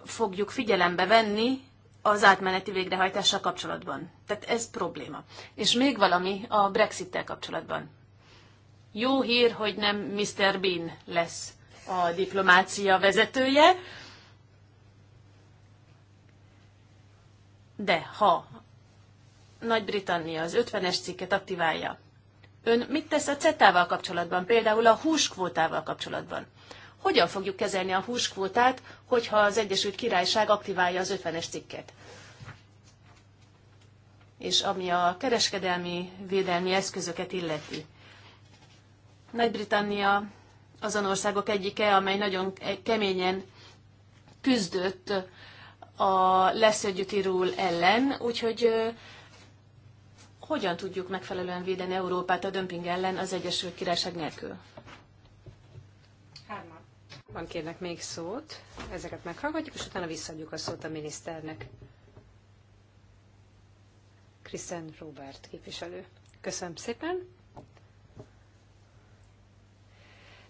fogjuk figyelembe venni az átmeneti végrehajtással kapcsolatban. Tehát ez probléma. És még valami a Brexit-tel kapcsolatban. Jó hír, hogy nem Mr. Bean lesz a diplomácia vezetője, de ha Nagy-Britannia az 50-es cikket aktiválja, ön mit tesz a CETA-val kapcsolatban, például a húskvótával kapcsolatban? hogyan fogjuk kezelni a húskvótát, hogyha az Egyesült Királyság aktiválja az 50-es cikket. És ami a kereskedelmi védelmi eszközöket illeti. Nagy-Britannia azon országok egyike, amely nagyon keményen küzdött a leszögyüti rúl ellen, úgyhogy hogyan tudjuk megfelelően védeni Európát a dömping ellen az Egyesült Királyság nélkül? van kérnek még szót, ezeket meghallgatjuk, és utána visszadjuk a szót a miniszternek. Kristen Robert képviselő. Köszönöm szépen.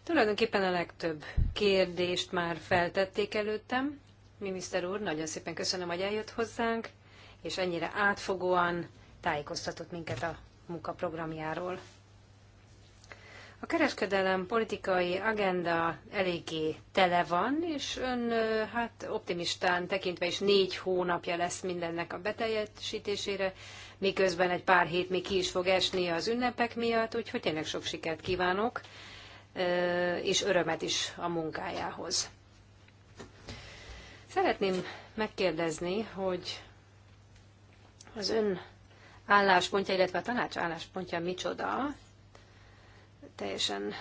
Tulajdonképpen a legtöbb kérdést már feltették előttem. Miniszter úr, nagyon szépen köszönöm, hogy eljött hozzánk, és ennyire átfogóan tájékoztatott minket a munkaprogramjáról. A kereskedelem politikai agenda eléggé tele van, és ön hát optimistán tekintve is négy hónapja lesz mindennek a beteljesítésére, miközben egy pár hét még ki is fog esni az ünnepek miatt, úgyhogy tényleg sok sikert kívánok, és örömet is a munkájához. Szeretném megkérdezni, hogy az ön álláspontja, illetve a tanács álláspontja micsoda, teljesen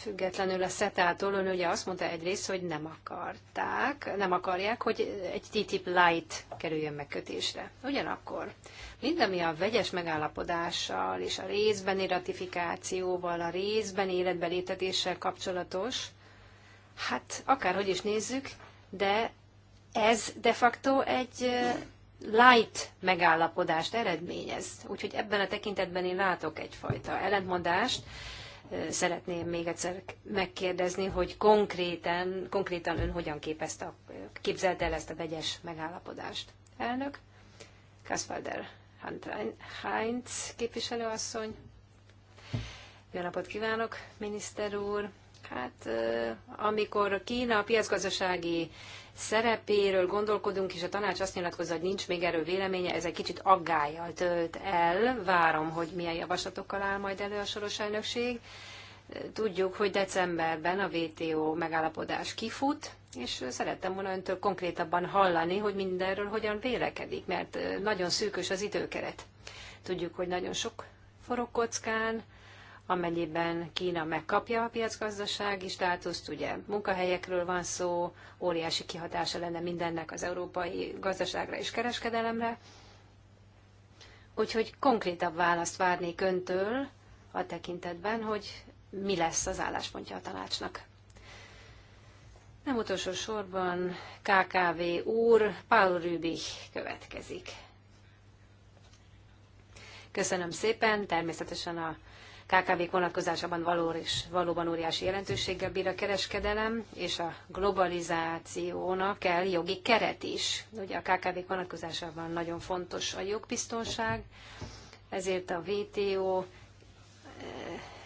függetlenül a SETA-tól, ön ugye azt mondta egyrészt, hogy nem akarták, nem akarják, hogy egy TTIP light kerüljön megkötésre. Ugyanakkor mind, ami a vegyes megállapodással és a részbeni ratifikációval, a részben életbelétetéssel kapcsolatos, hát akárhogy is nézzük, de ez de facto egy light megállapodást eredményez. Úgyhogy ebben a tekintetben én látok egyfajta ellentmondást, szeretném még egyszer megkérdezni, hogy konkrétan, konkrétan ön hogyan képezte, képzelte el ezt a vegyes megállapodást. Elnök, Kaspalder Heinz képviselőasszony. Jó napot kívánok, miniszter úr! Hát amikor Kína a piacgazdasági szerepéről gondolkodunk, és a tanács azt nyilatkozza, hogy nincs még erről véleménye, ez egy kicsit aggájjal tölt el. Várom, hogy milyen javaslatokkal áll majd elő a soros elnökség. Tudjuk, hogy decemberben a WTO megállapodás kifut, és szerettem volna öntől konkrétabban hallani, hogy mindenről hogyan vélekedik, mert nagyon szűkös az időkeret. Tudjuk, hogy nagyon sok forog kockán, amennyiben Kína megkapja a piacgazdasági státuszt, ugye munkahelyekről van szó, óriási kihatása lenne mindennek az európai gazdaságra és kereskedelemre. Úgyhogy konkrétabb választ várnék öntől a tekintetben, hogy mi lesz az álláspontja a tanácsnak. Nem utolsó sorban KKV úr Paul Rübich következik. Köszönöm szépen, természetesen a KKV-k vonatkozásában valós, valóban óriási jelentőséggel bír a kereskedelem, és a globalizációnak kell jogi keret is. Ugye a KKV-k vonatkozásában nagyon fontos a jogbiztonság, ezért a WTO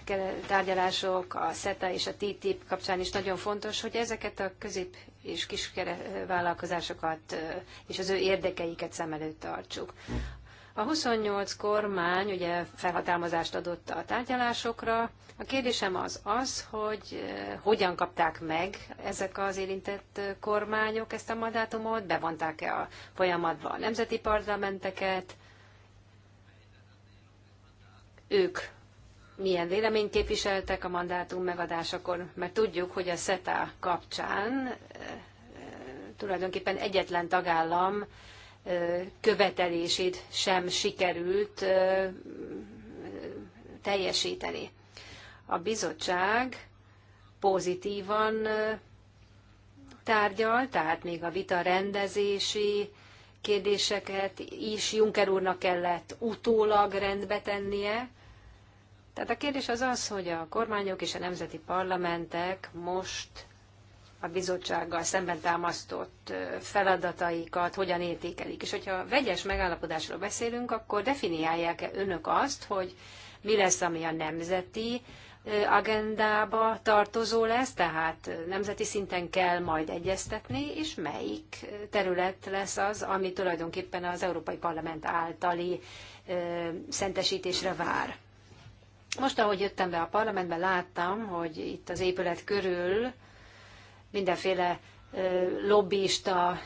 eh, eh, tárgyalások, a SETA és a TTIP kapcsán is nagyon fontos, hogy ezeket a közép- és kisvállalkozásokat eh, és az ő érdekeiket szem előtt tartsuk. A 28 kormány ugye felhatalmazást adott a tárgyalásokra. A kérdésem az az, hogy eh, hogyan kapták meg ezek az érintett eh, kormányok ezt a mandátumot, bevonták-e a folyamatba a nemzeti parlamenteket, ők milyen véleményt képviseltek a mandátum megadásakor, mert tudjuk, hogy a SETA kapcsán eh, tulajdonképpen egyetlen tagállam követelését sem sikerült teljesíteni. A bizottság pozitívan tárgyal, tehát még a vita rendezési kérdéseket is Juncker úrnak kellett utólag rendbe tennie. Tehát a kérdés az az, hogy a kormányok és a nemzeti parlamentek most a bizottsággal szemben támasztott feladataikat hogyan értékelik. És hogyha vegyes megállapodásról beszélünk, akkor definiálják-e önök azt, hogy mi lesz, ami a nemzeti agendába tartozó lesz, tehát nemzeti szinten kell majd egyeztetni, és melyik terület lesz az, ami tulajdonképpen az Európai Parlament általi szentesítésre vár. Most, ahogy jöttem be a parlamentbe, láttam, hogy itt az épület körül mindenféle lobbista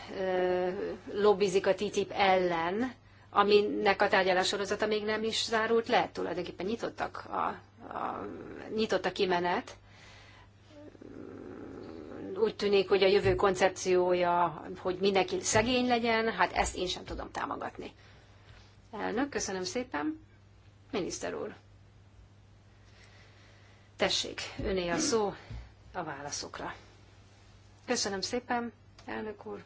lobbizik a TTIP ellen, aminek a tárgyalássorozata még nem is zárult le, tulajdonképpen nyitottak a, a, nyitott a kimenet. Úgy tűnik, hogy a jövő koncepciója, hogy mindenki szegény legyen, hát ezt én sem tudom támogatni. Elnök, köszönöm szépen. Miniszter úr. Tessék, öné a szó a válaszokra. Köszönöm szépen, elnök úr.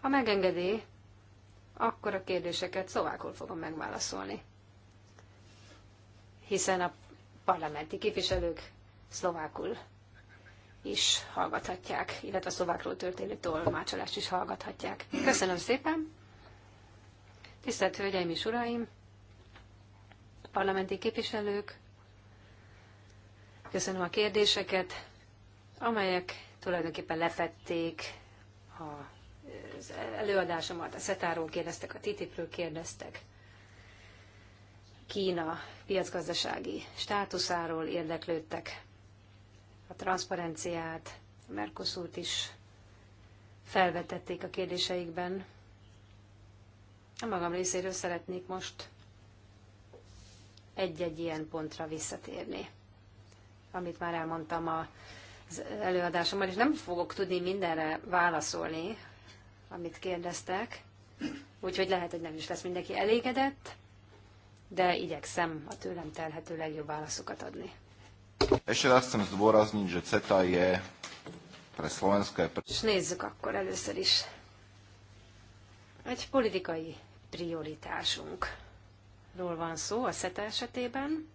Ha megengedi, akkor a kérdéseket szovákul fogom megválaszolni. Hiszen a parlamenti képviselők szlovákul is hallgathatják, illetve a szlovákról történő tolmácsolást is hallgathatják. Köszönöm szépen! Tisztelt Hölgyeim és Uraim! Parlamenti képviselők! Köszönöm a kérdéseket! amelyek tulajdonképpen lefették a, az előadásomat, a szetáról kérdeztek, a TTIP-ről kérdeztek, Kína piacgazdasági státuszáról érdeklődtek, a transzparenciát, a merkoszút is felvetették a kérdéseikben. A magam részéről szeretnék most egy-egy ilyen pontra visszatérni, amit már elmondtam a az előadásomban, és nem fogok tudni mindenre válaszolni, amit kérdeztek, úgyhogy lehet, hogy nem is lesz mindenki elégedett, de igyekszem a tőlem telhető legjobb válaszokat adni. Ještě raz chcem nincs, hogy CETA je pre Slovensko És nézzük akkor először is. Egy politikai prioritásunkról van szó a CETA esetében,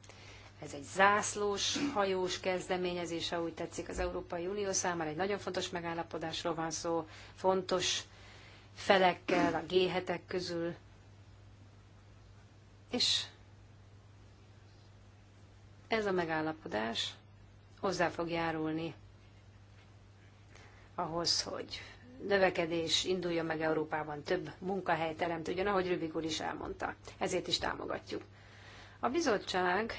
ez egy zászlós, hajós kezdeményezés, ha úgy tetszik, az Európai Unió számára egy nagyon fontos megállapodásról van szó, fontos felekkel, a g közül. És ez a megállapodás hozzá fog járulni ahhoz, hogy növekedés induljon meg Európában, több munkahely teremtődjön, ahogy Rübik úr is elmondta. Ezért is támogatjuk. A bizottság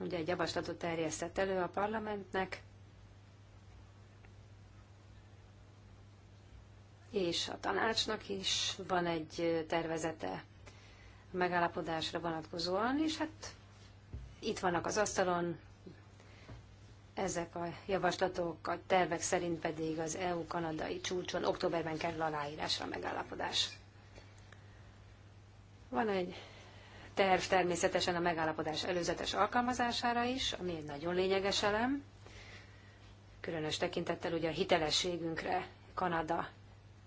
ugye egy javaslatot terjesztett elő a parlamentnek, és a tanácsnak is van egy tervezete a megállapodásra vonatkozóan, és hát itt vannak az asztalon, ezek a javaslatok, a tervek szerint pedig az EU-kanadai csúcson októberben kerül aláírásra a megállapodás. Van egy terv természetesen a megállapodás előzetes alkalmazására is, ami egy nagyon lényeges elem, különös tekintettel ugye a hitelességünkre Kanada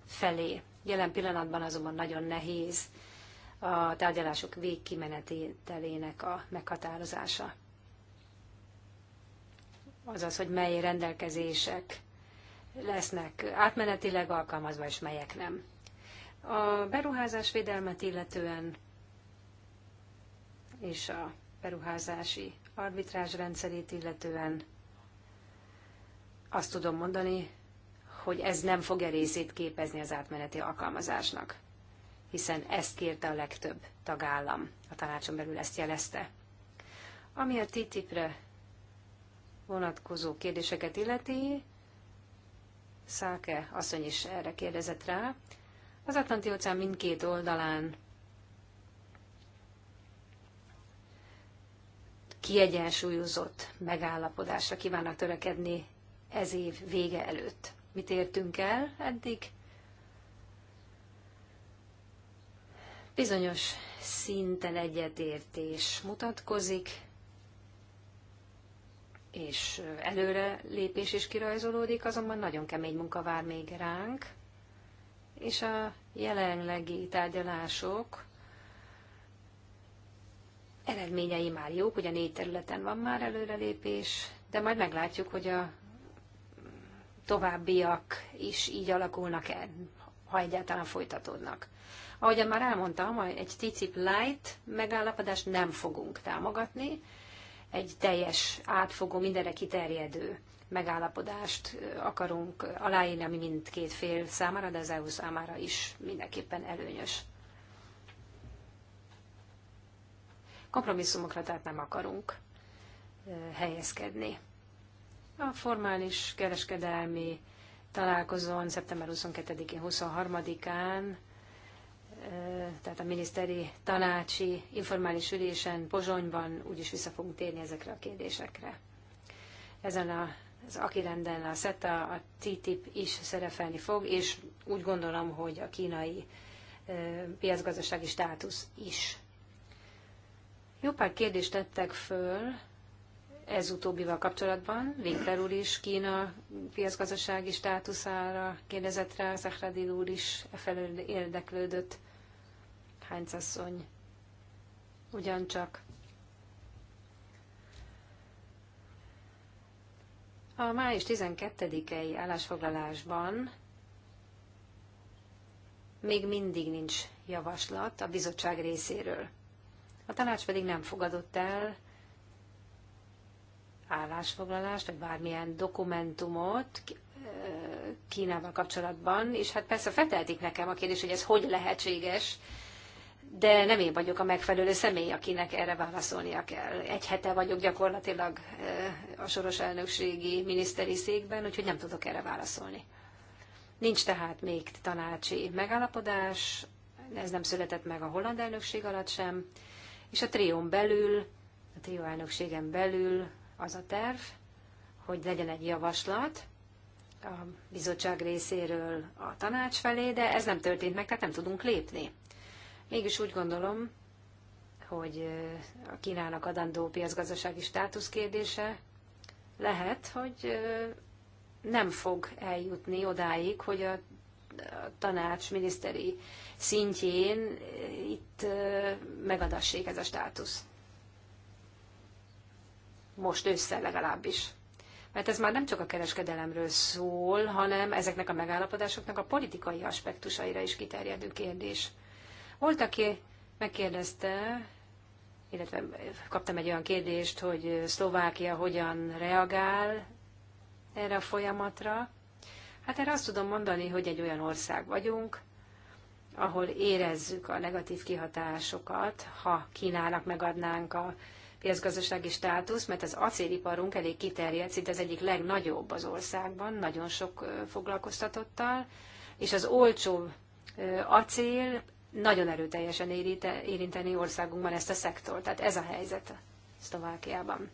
felé. Jelen pillanatban azonban nagyon nehéz a tárgyalások végkimenetelének a meghatározása. Azaz, hogy mely rendelkezések lesznek átmenetileg alkalmazva, és melyek nem. A beruházás védelmet illetően és a beruházási arbitrázs rendszerét illetően azt tudom mondani, hogy ez nem fogja részét képezni az átmeneti alkalmazásnak, hiszen ezt kérte a legtöbb tagállam, a tanácson belül ezt jelezte. Ami a TTIP-re vonatkozó kérdéseket illeti, Száke asszony is erre kérdezett rá, az Atlanti óceán mindkét oldalán kiegyensúlyozott megállapodásra kívánnak törekedni ez év vége előtt. Mit értünk el eddig? Bizonyos szinten egyetértés mutatkozik, és előre lépés is kirajzolódik, azonban nagyon kemény munka vár még ránk, és a jelenlegi tárgyalások eredményei már jók, ugye négy területen van már előrelépés, de majd meglátjuk, hogy a továbbiak is így alakulnak-e, ha egyáltalán folytatódnak. Ahogyan már elmondtam, egy TTIP light megállapodást nem fogunk támogatni, egy teljes, átfogó, mindenre kiterjedő megállapodást akarunk aláírni, ami mindkét fél számára, de az EU számára is mindenképpen előnyös. Kompromisszumokra tehát nem akarunk helyezkedni. A formális kereskedelmi találkozón szeptember 22-én, 23-án, tehát a miniszteri tanácsi informális ülésen Pozsonyban úgyis vissza fogunk térni ezekre a kérdésekre. Ezen a, az akirenden a SETA, a TTIP is szerepelni fog, és úgy gondolom, hogy a kínai piacgazdasági státusz is jó pár kérdést tettek föl ez utóbbival kapcsolatban. Winkler úr is Kína piacgazdasági státuszára kérdezett rá, Zahradil úr is e felől érdeklődött. Heinz asszony ugyancsak. A május 12-i állásfoglalásban még mindig nincs javaslat a bizottság részéről. A tanács pedig nem fogadott el állásfoglalást, vagy bármilyen dokumentumot eh, Kínával kapcsolatban, és hát persze feteltik nekem a kérdés, hogy ez hogy lehetséges, de nem én vagyok a megfelelő személy, akinek erre válaszolnia kell. Egy hete vagyok gyakorlatilag eh, a soros elnökségi miniszteri székben, úgyhogy nem tudok erre válaszolni. Nincs tehát még tanácsi megállapodás, ez nem született meg a holland elnökség alatt sem, és a trión belül, a trió elnökségen belül az a terv, hogy legyen egy javaslat a bizottság részéről a tanács felé, de ez nem történt meg, tehát nem tudunk lépni. Mégis úgy gondolom, hogy a Kínának adandó piacgazdasági státusz kérdése lehet, hogy nem fog eljutni odáig, hogy a tanács miniszteri szintjén itt megadassék ez a státusz. Most ősszel legalábbis. Mert ez már nem csak a kereskedelemről szól, hanem ezeknek a megállapodásoknak a politikai aspektusaira is kiterjedő kérdés. Volt, aki megkérdezte, illetve kaptam egy olyan kérdést, hogy Szlovákia hogyan reagál erre a folyamatra, Hát erre azt tudom mondani, hogy egy olyan ország vagyunk, ahol érezzük a negatív kihatásokat, ha Kínának megadnánk a piacgazdasági státusz, mert az acéliparunk elég kiterjedt, szinte az egyik legnagyobb az országban, nagyon sok foglalkoztatottal, és az olcsó acél nagyon erőteljesen érinteni országunkban ezt a szektort. Tehát ez a helyzet Szlovákiában.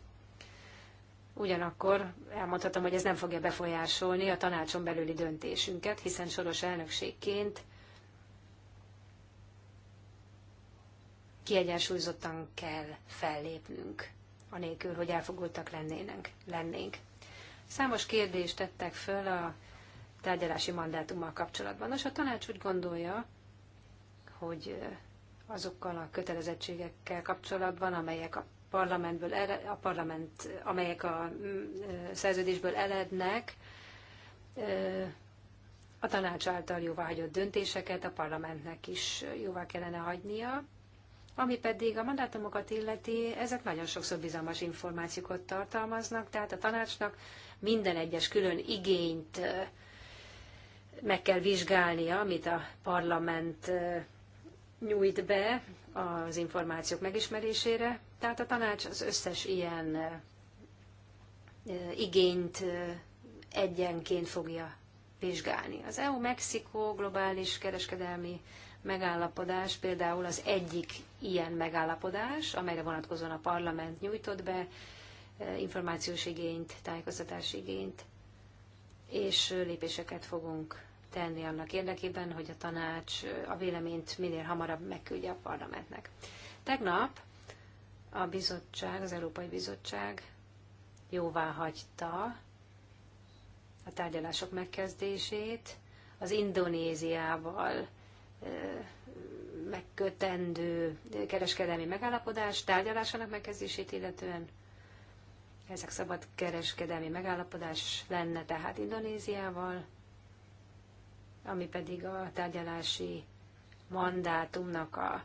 Ugyanakkor elmondhatom, hogy ez nem fogja befolyásolni a tanácson belüli döntésünket, hiszen soros elnökségként kiegyensúlyozottan kell fellépnünk, anélkül, hogy elfogultak lennénk. lennénk. Számos kérdést tettek föl a tárgyalási mandátummal kapcsolatban. Nos, a tanács úgy gondolja, hogy azokkal a kötelezettségekkel kapcsolatban, amelyek a parlamentből, a parlament, amelyek a mm, szerződésből elednek, a tanács által jóváhagyott döntéseket a parlamentnek is jóvá kellene hagynia, ami pedig a mandátumokat illeti, ezek nagyon sokszor bizalmas információkat tartalmaznak, tehát a tanácsnak minden egyes külön igényt meg kell vizsgálnia, amit a parlament nyújt be az információk megismerésére, tehát a tanács az összes ilyen igényt egyenként fogja vizsgálni. Az EU-Mexikó globális kereskedelmi megállapodás például az egyik ilyen megállapodás, amelyre vonatkozóan a parlament nyújtott be információs igényt, tájékoztatási igényt, és lépéseket fogunk tenni annak érdekében, hogy a tanács a véleményt minél hamarabb megküldje a parlamentnek. Tegnap a bizottság, az Európai Bizottság jóvá hagyta a tárgyalások megkezdését, az Indonéziával megkötendő kereskedelmi megállapodás tárgyalásának megkezdését illetően. Ezek szabad kereskedelmi megállapodás lenne tehát Indonéziával, ami pedig a tárgyalási mandátumnak a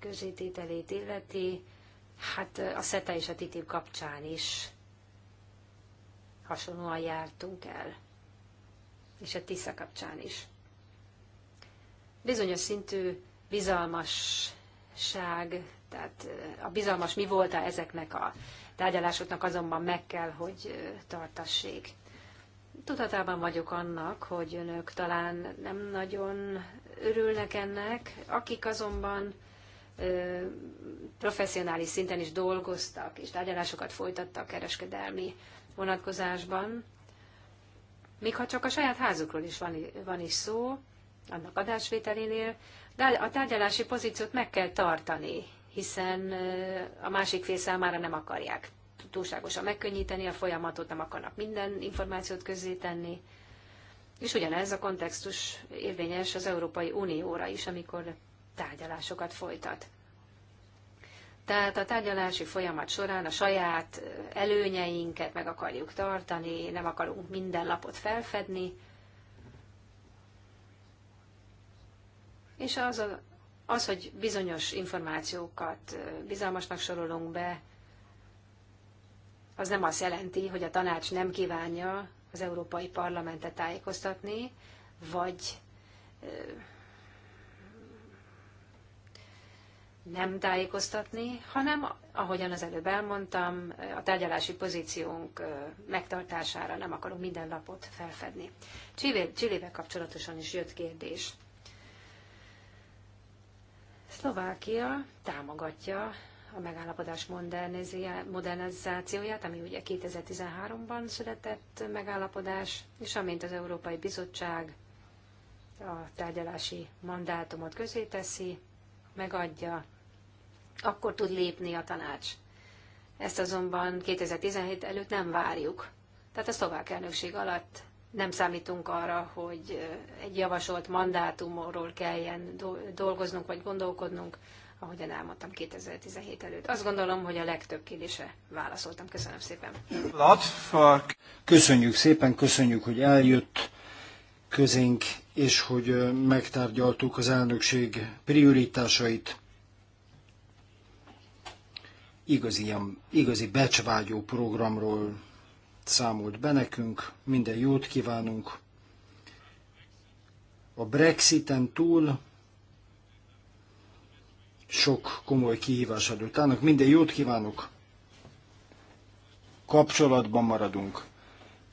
közétételét illeti, hát a SETA és a TTIP kapcsán is hasonlóan jártunk el, és a TISZA kapcsán is. Bizonyos szintű bizalmasság, tehát a bizalmas mi volt -e ezeknek a tárgyalásoknak azonban meg kell, hogy tartassék. Tudatában vagyok annak, hogy önök talán nem nagyon örülnek ennek, akik azonban professzionális szinten is dolgoztak, és tárgyalásokat folytattak kereskedelmi vonatkozásban. Még ha csak a saját házukról is van, van is szó, annak adásvételénél, de a tárgyalási pozíciót meg kell tartani, hiszen a másik fél számára nem akarják túlságosan megkönnyíteni a folyamatot, nem akarnak minden információt közzétenni. És ugyanez a kontextus érvényes az Európai Unióra is, amikor tárgyalásokat folytat. Tehát a tárgyalási folyamat során a saját előnyeinket meg akarjuk tartani, nem akarunk minden lapot felfedni, és az, a, az, hogy bizonyos információkat bizalmasnak sorolunk be, az nem azt jelenti, hogy a tanács nem kívánja az Európai Parlamentet tájékoztatni, vagy nem tájékoztatni, hanem, ahogyan az előbb elmondtam, a tárgyalási pozíciónk megtartására nem akarunk minden lapot felfedni. Csillével kapcsolatosan is jött kérdés. Szlovákia támogatja a megállapodás modernizációját, ami ugye 2013-ban született megállapodás, és amint az Európai Bizottság a tárgyalási mandátumot közé teszi, megadja, akkor tud lépni a tanács. Ezt azonban 2017 előtt nem várjuk. Tehát a szlovák elnökség alatt nem számítunk arra, hogy eh, egy javasolt mandátumról kelljen dolgoznunk vagy gondolkodnunk, ahogyan elmondtam 2017 előtt. Azt gondolom, hogy a legtöbb kérdése válaszoltam. Köszönöm szépen. Köszönjük szépen, köszönjük, hogy eljött közénk, és hogy eh, megtárgyaltuk az elnökség prioritásait igazi, igazi becsvágyó programról számolt be nekünk, minden jót kívánunk. A Brexiten túl sok komoly kihívás adott állnak. Minden jót kívánok! Kapcsolatban maradunk,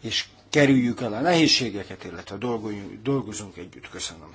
és kerüljük el a nehézségeket, illetve dolgozunk együtt. Köszönöm.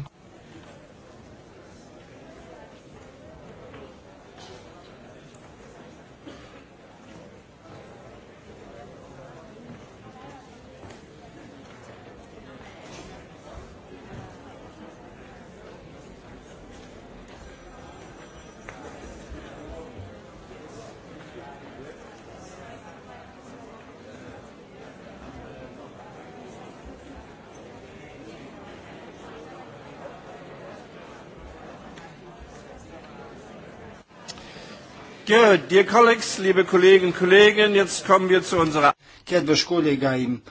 Good, dear colleagues, liebe Kolleginnen und Kollegen, jetzt kommen wir zu unserer... Kedves kollégáim,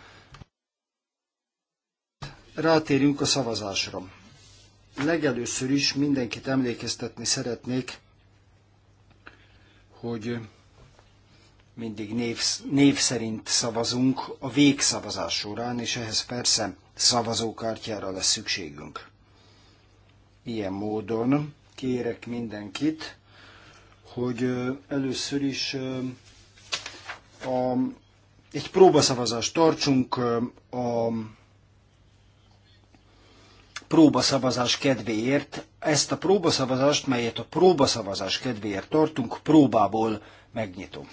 rátérünk a szavazásra. Legelőször is mindenkit emlékeztetni szeretnék, hogy mindig név, név szerint szavazunk a végszavazás során, és ehhez persze szavazókártyára lesz szükségünk. Ilyen módon kérek mindenkit, hogy először is a, egy próbaszavazást tartsunk a próbaszavazás kedvéért. Ezt a próbaszavazást, melyet a próbaszavazás kedvéért tartunk, próbából megnyitom.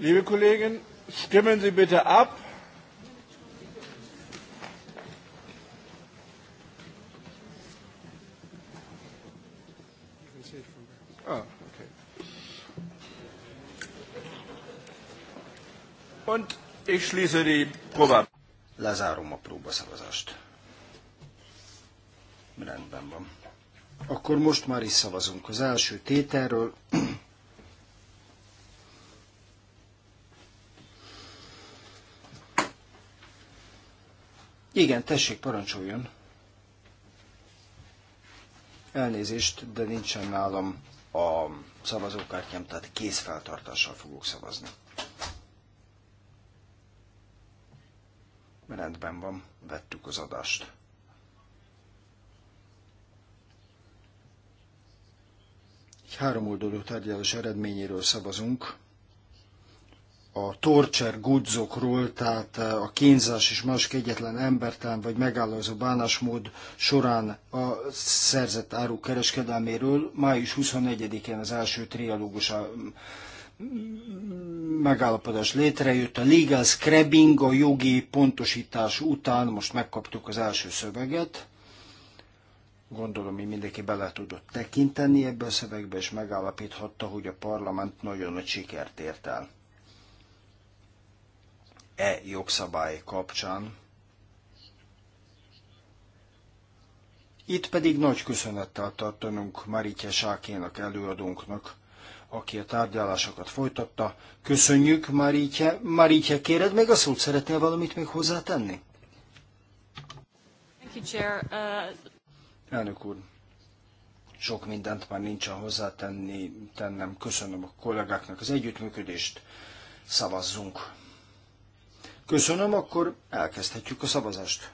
Liebe Kollegen, stimmen Sie bitte ab. Und ich schließe die Probe. Lezárom a próbaszavazást. Rendben van. Akkor most már is szavazunk az első tételről. Igen, tessék, parancsoljon. Elnézést, de nincsen nálam a szavazókártyám, tehát kézfeltartással fogok szavazni. menetben van, vettük az adást. Egy háromoldalú tárgyalás eredményéről szavazunk. A torcser gudzokról, tehát a kínzás és más kegyetlen embertelen vagy megállazó bánásmód során a szerzett áru kereskedelméről május 24-én az első trialógus megállapodás létrejött, a legal scrubbing, a jogi pontosítás után most megkaptuk az első szöveget. Gondolom, hogy mindenki bele tudott tekinteni ebbe a szövegbe, és megállapíthatta, hogy a parlament nagyon nagy sikert ért el. E jogszabály kapcsán. Itt pedig nagy köszönettel tartanunk Maritja Sákénak előadónknak, aki a tárgyalásokat folytatta. Köszönjük, Marítje. Marítje, kéred még a szót? Szeretnél valamit még hozzátenni? Thank you, Chair. Uh... Elnök úr, sok mindent már nincsen hozzátenni, tennem. Köszönöm a kollégáknak az együttműködést. Szavazzunk. Köszönöm, akkor elkezdhetjük a szavazást.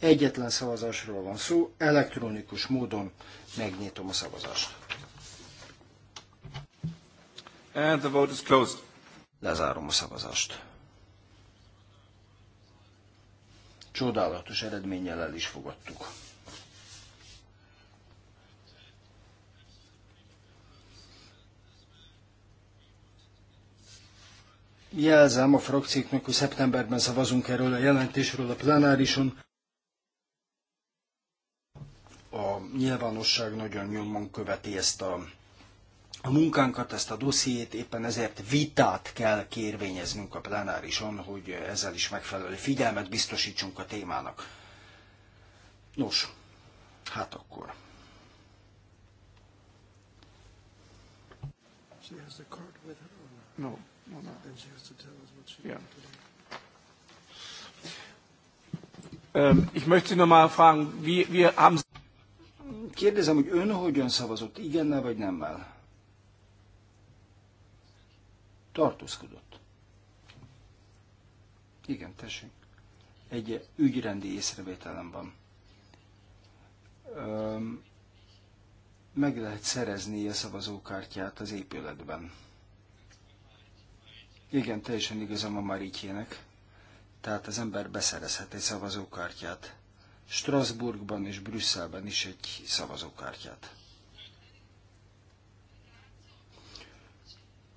Egyetlen szavazásról van szó, elektronikus módon megnyitom a szavazást. And the vote is closed. Lezárom a szavazást. Csodálatos eredménnyel el is fogadtuk. Jelzem a frakcióknak, hogy szeptemberben szavazunk erről a jelentésről a plenárison. A nyilvánosság nagyon nyomon követi ezt a a munkánkat, ezt a dossziét, éppen ezért vitát kell kérvényeznünk a plenárison, hogy ezzel is megfelelő figyelmet biztosítsunk a témának. Nos, hát akkor. Ähm, ich möchte fragen, wie, Kérdezem, hogy ön hogyan szavazott, igennel vagy nemmel? tartózkodott. Igen, tessék. Egy ügyrendi észrevételem van. Öm, meg lehet szerezni a szavazókártyát az épületben. Igen, teljesen igazam a Marikének. Tehát az ember beszerezhet egy szavazókártyát. Strasbourgban és Brüsszelben is egy szavazókártyát.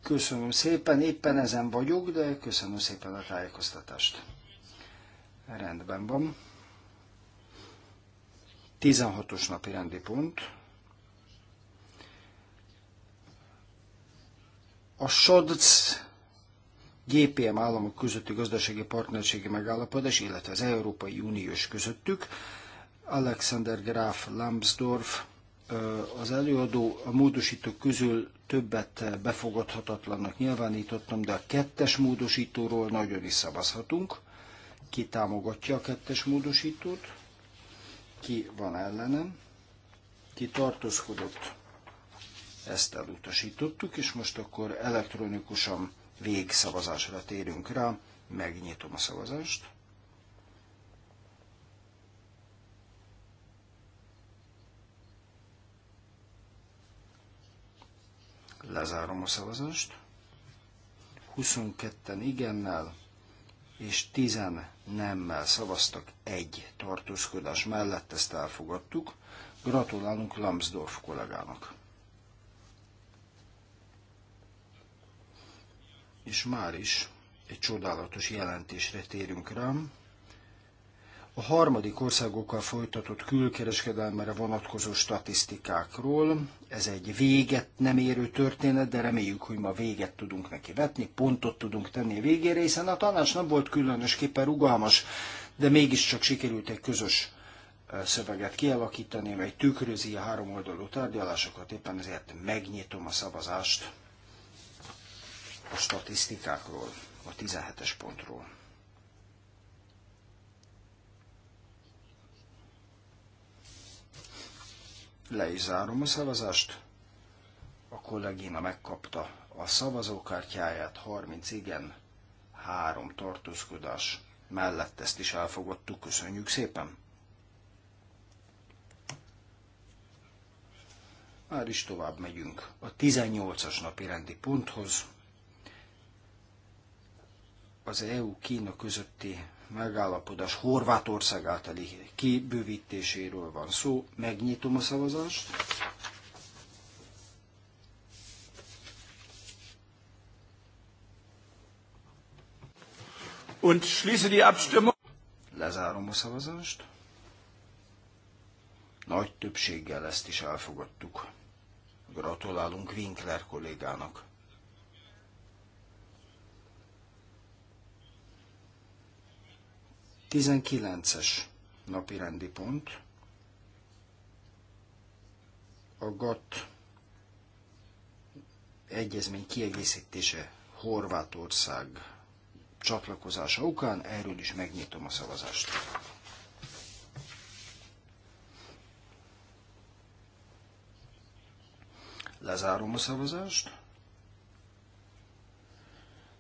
Köszönöm szépen, éppen ezen vagyok, de köszönöm szépen a tájékoztatást. Rendben van. 16-os napi rendi pont. A SODC GPM államok közötti gazdasági partnerségi megállapodás, illetve az Európai Uniós közöttük. Alexander Graf Lambsdorff az előadó a módosítók közül többet befogadhatatlannak nyilvánítottam, de a kettes módosítóról nagyon is szavazhatunk. Ki támogatja a kettes módosítót? Ki van ellenem? Ki tartózkodott? Ezt elutasítottuk, és most akkor elektronikusan végszavazásra térünk rá. Megnyitom a szavazást. Lezárom a szavazást. 22-en igennel és 10 nemmel szavaztak egy tartózkodás mellett, ezt elfogadtuk. Gratulálunk Lambsdorff kollégának. És már is egy csodálatos jelentésre térünk rám a harmadik országokkal folytatott külkereskedelmere vonatkozó statisztikákról. Ez egy véget nem érő történet, de reméljük, hogy ma véget tudunk neki vetni, pontot tudunk tenni a végére, hiszen a tanács nem volt különösképpen rugalmas, de mégiscsak sikerült egy közös szöveget kialakítani, mely tükrözi a három oldalú tárgyalásokat, éppen ezért megnyitom a szavazást a statisztikákról, a 17-es pontról. Le is zárom a szavazást. A kollégina megkapta a szavazókártyáját, 30 igen, 3 tartózkodás mellett ezt is elfogadtuk. Köszönjük szépen! Már is tovább megyünk a 18-as napi rendi ponthoz. Az EU-Kína közötti megállapodás Horvátország általi kibővítéséről van szó. Megnyitom a szavazást. Und schließe die Abstimmung. Lezárom a szavazást. Nagy többséggel ezt is elfogadtuk. Gratulálunk Winkler kollégának. 19-es napi rendi pont. A GATT egyezmény kiegészítése Horvátország csatlakozása okán, erről is megnyitom a szavazást. Lezárom a szavazást.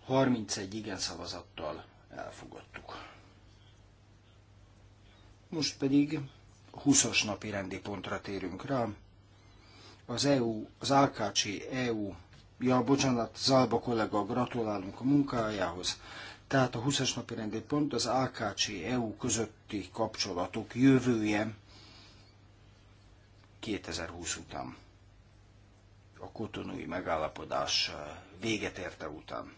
31 igen szavazattal elfogadtuk. Most pedig 20-as napi rendi pontra térünk rá. Az EU, az AKC EU, ja bocsánat, Zalba kollega, gratulálunk a munkájához. Tehát a 20-as napi rendi pont az AKC EU közötti kapcsolatok jövője 2020 után. A kotonói megállapodás véget érte után.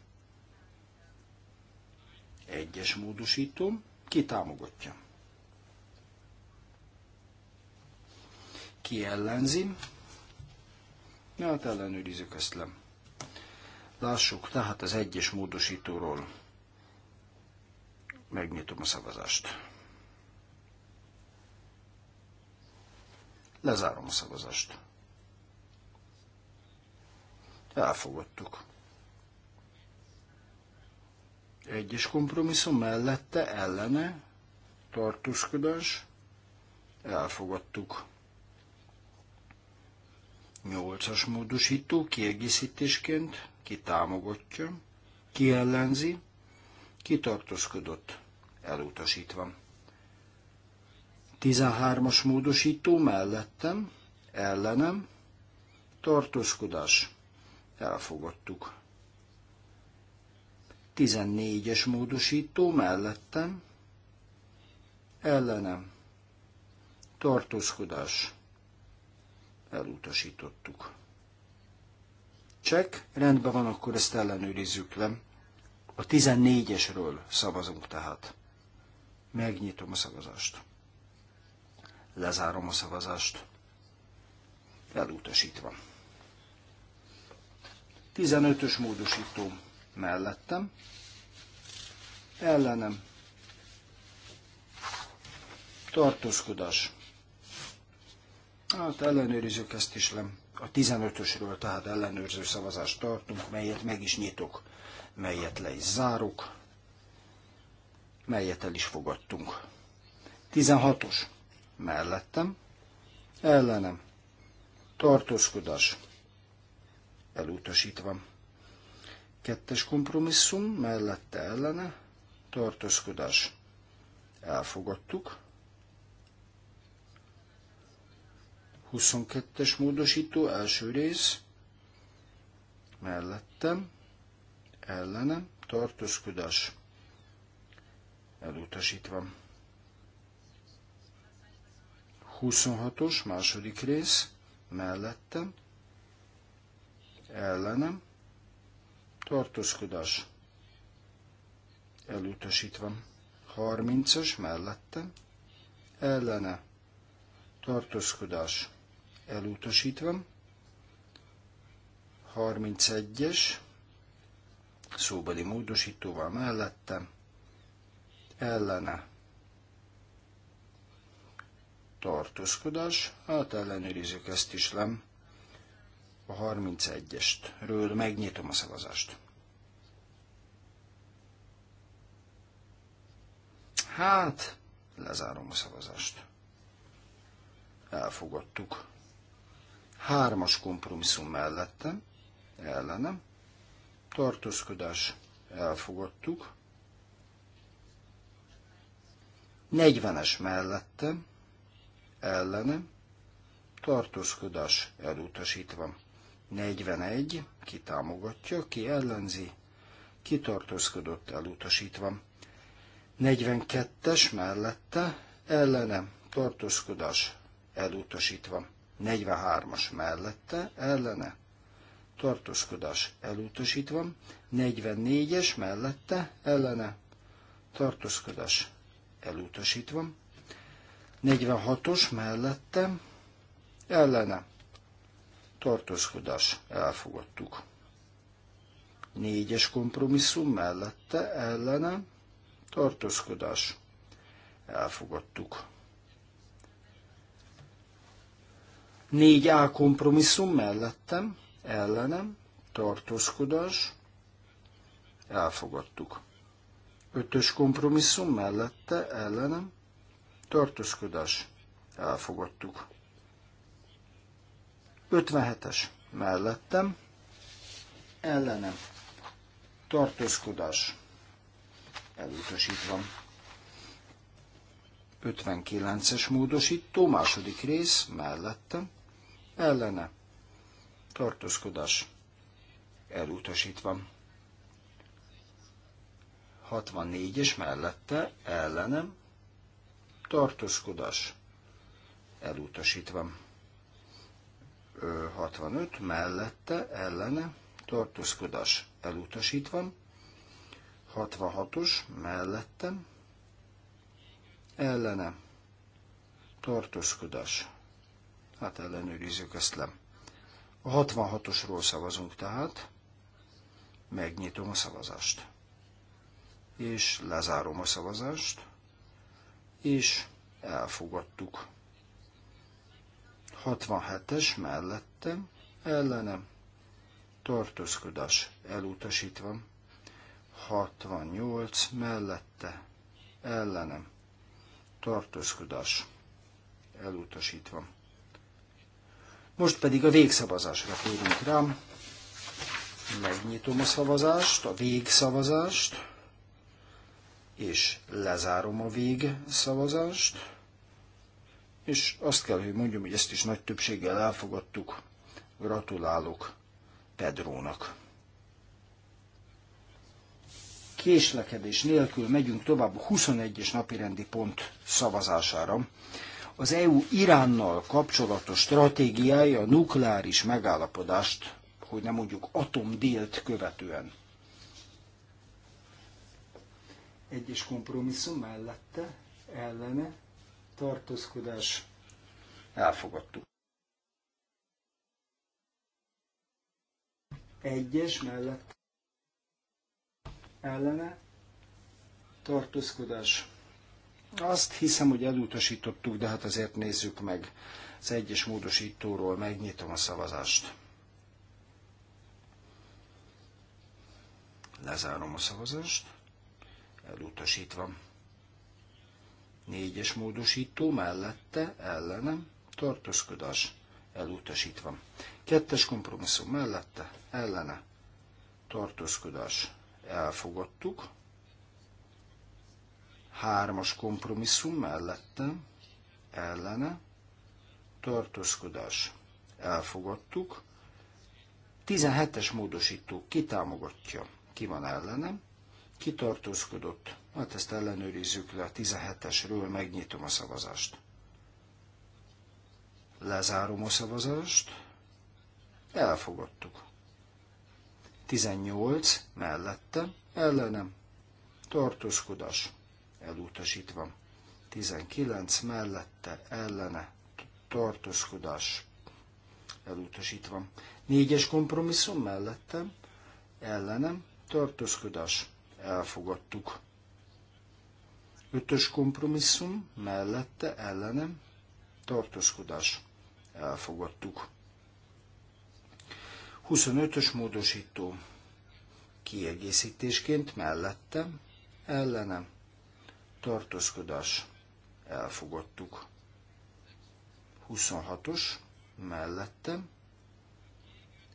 Egyes módosítom, ki támogatja? Ki ellenzi? Na, hát ellenőrizzük ezt le. Lássuk tehát az egyes módosítóról. Megnyitom a szavazást. Lezárom a szavazást. Elfogadtuk. Egyes kompromisszum mellette ellene tartózkodás. Elfogadtuk. Nyolcas módosító kiegészítésként ki támogatja, ki ellenzi, ki tartózkodott, elutasítva. 13-as módosító mellettem, ellenem, tartózkodás, elfogadtuk. 14-es módosító mellettem, ellenem, tartózkodás, Elutasítottuk. Csek, rendben van, akkor ezt ellenőrizzük le. A 14-esről szavazunk tehát. Megnyitom a szavazást. Lezárom a szavazást. Elutasítva. 15-ös módosító mellettem, ellenem, tartózkodás, Hát ellenőrizzük ezt is, nem. A 15-ösről tehát ellenőrző szavazást tartunk, melyet meg is nyitok, melyet le is zárok, melyet el is fogadtunk. 16-os mellettem, ellenem, tartózkodás, elutasítva. Kettes kompromisszum, mellette ellene, tartózkodás, elfogadtuk. 22-es módosító első rész mellettem, ellenem, tartózkodás elutasítva. 26-os második rész mellettem, ellenem, tartózkodás elutasítva. 30-as mellettem, ellene, tartózkodás elutasítva. 31-es szóbeli módosítóval mellette, ellene tartózkodás, hát ellenőrizzük ezt is lem, a 31-estről megnyitom a szavazást. Hát, lezárom a szavazást. Elfogadtuk. Hármas kompromisszum mellettem, ellenem, tartózkodás elfogadtuk. 40-es mellettem, ellenem, tartózkodás elutasítva. 41, ki támogatja, ki ellenzi, ki tartózkodott elutasítva. 42-es mellette, ellenem, tartózkodás elutasítva. 43-as mellette, ellene, tartózkodás elutasítva, 44-es mellette, ellene, tartózkodás elutasítva, 46-os mellette, ellene, tartózkodás elfogadtuk. 4-es kompromisszum mellette, ellene, tartózkodás elfogadtuk. Négy a kompromisszum mellettem, ellenem, tartózkodás, elfogadtuk. Ötös kompromisszum mellette, ellenem, tartózkodás, elfogadtuk. 57-es mellettem, ellenem, tartózkodás, elutasítva. 59-es módosító, második rész, mellettem, ellene tartózkodás elutasítva. 64 és mellette ellenem tartózkodás elutasítva. 65 mellette ellene tartózkodás elutasítva. 66-os mellettem ellene tartózkodás Hát ellenőrizzük ezt le. A 66-osról szavazunk tehát. Megnyitom a szavazást. És lezárom a szavazást. És elfogadtuk. 67-es mellette ellenem tartózkodás elutasítva. 68 mellette ellenem tartózkodás elutasítva. Most pedig a végszavazásra térünk rám. Megnyitom a szavazást, a végszavazást, és lezárom a végszavazást, és azt kell, hogy mondjam, hogy ezt is nagy többséggel elfogadtuk. Gratulálok Pedrónak. Késlekedés nélkül megyünk tovább a 21-es napirendi pont szavazására az EU Iránnal kapcsolatos stratégiája a nukleáris megállapodást, hogy nem mondjuk atomdélt követően. Egyes kompromisszum mellette, ellene, tartózkodás, elfogadtuk. Egyes mellett, ellene, tartózkodás, azt hiszem, hogy elutasítottuk, de hát azért nézzük meg. Az egyes módosítóról megnyitom a szavazást. Lezárom a szavazást. Elutasítva. Négyes módosító mellette, ellenem, tartózkodás. Elutasítva. Kettes kompromisszum mellette, ellene, tartózkodás. Elfogadtuk. Hármas kompromisszum mellette, ellene, tartózkodás. Elfogadtuk. 17-es módosító kitámogatja, ki van ellenem, kitartózkodott. Hát ezt ellenőrizzük le a 17-esről, megnyitom a szavazást. Lezárom a szavazást. Elfogadtuk. 18 mellette, ellenem, tartózkodás elutasítva. 19 mellette ellene tartózkodás elutasítva. Négyes kompromisszum mellette, ellenem tartózkodás elfogadtuk. Ötös kompromisszum mellette ellenem tartózkodás elfogadtuk. 25-ös módosító kiegészítésként mellette, ellenem tartózkodás elfogadtuk. 26-os mellettem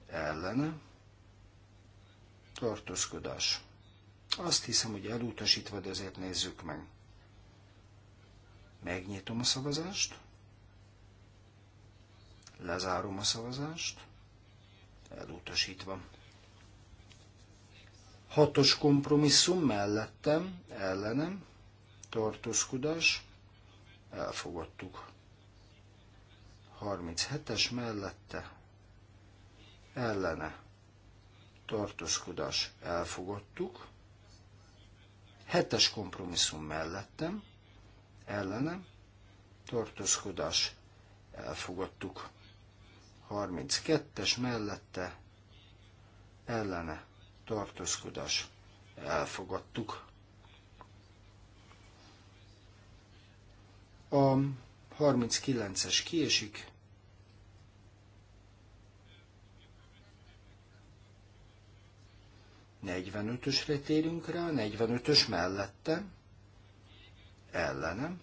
ellene tartózkodás. Azt hiszem, hogy elutasítva, de azért nézzük meg. Megnyitom a szavazást, lezárom a szavazást, elutasítva. Hatos kompromisszum mellettem, ellenem, tartózkodás, elfogadtuk. 37-es mellette, ellene, tartózkodás, elfogadtuk. 7-es kompromisszum mellettem, ellene, tartózkodás, elfogadtuk. 32-es mellette, ellene, tartózkodás, elfogadtuk. A 39-es kiesik. Negyvenötösre térünk rá, 45-ös mellette, ellenem,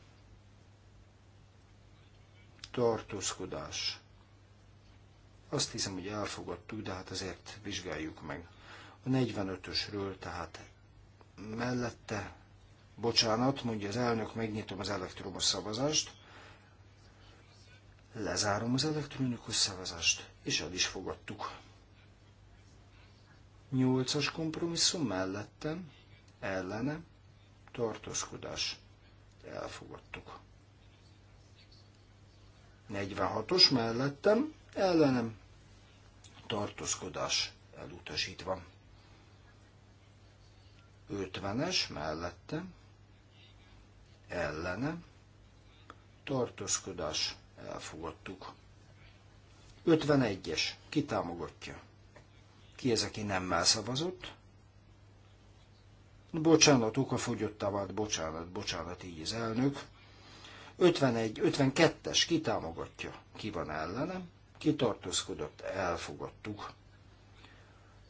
tartózkodás. Azt hiszem, hogy elfogadtuk, de hát azért vizsgáljuk meg. A 45-ösről, tehát mellette, Bocsánat, mondja az elnök, megnyitom az elektromos szavazást. Lezárom az elektronikus szavazást, és el is fogadtuk. Nyolcas kompromisszum mellettem, ellene, tartózkodás. Elfogadtuk. 46-os mellettem, ellenem, tartózkodás elutasítva. 50-es mellettem, ellene tartózkodás elfogadtuk. 51-es kitámogatja. Ki ez, aki nemmel szavazott? Bocsánat, okafogyottá vált, bocsánat, bocsánat, így az elnök. 51, 52-es kitámogatja. Ki van ellenem? Ki tartózkodott? Elfogadtuk.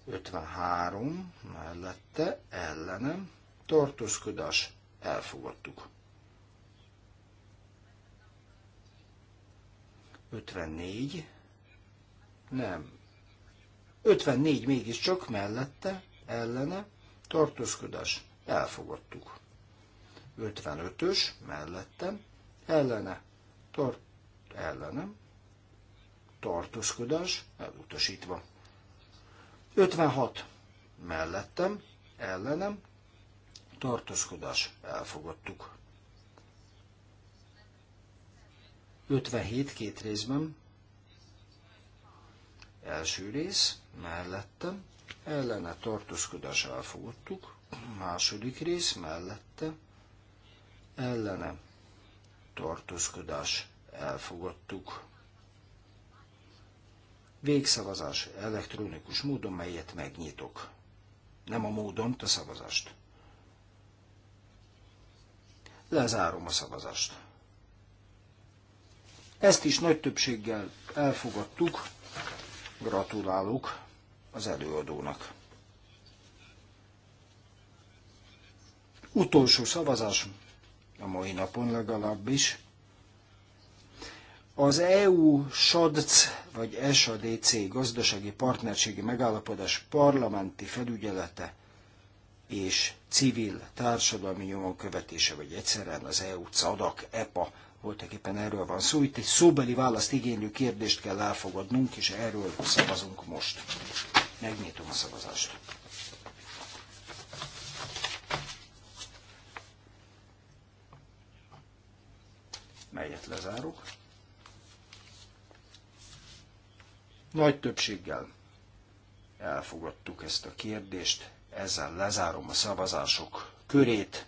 53 mellette ellenem tartózkodás elfogadtuk. 54, nem, 54 mégiscsak mellette, ellene, tartózkodás, elfogadtuk. 55-ös mellettem, ellene, tart, ellene, tartózkodás, elutasítva. 56 mellettem, ellenem, tartózkodás, elfogadtuk. 57 két részben. Első rész, mellette, ellene tartózkodás elfogadtuk. Második rész, mellette, ellene tartózkodás elfogadtuk. Végszavazás elektronikus módon, melyet megnyitok. Nem a módon, a szavazást. Lezárom a szavazást. Ezt is nagy többséggel elfogadtuk. Gratulálok az előadónak. Utolsó szavazás, a mai napon legalábbis, az EU SADC vagy SADC gazdasági partnerségi megállapodás parlamenti felügyelete és civil társadalmi nyomon követése, vagy egyszerűen az EU CADAK EPA voltak éppen erről van szó. Itt egy szóbeli választ igénylő kérdést kell elfogadnunk, és erről szavazunk most. Megnyitom a szavazást. melyet lezárok. Nagy többséggel elfogadtuk ezt a kérdést, ezzel lezárom a szavazások körét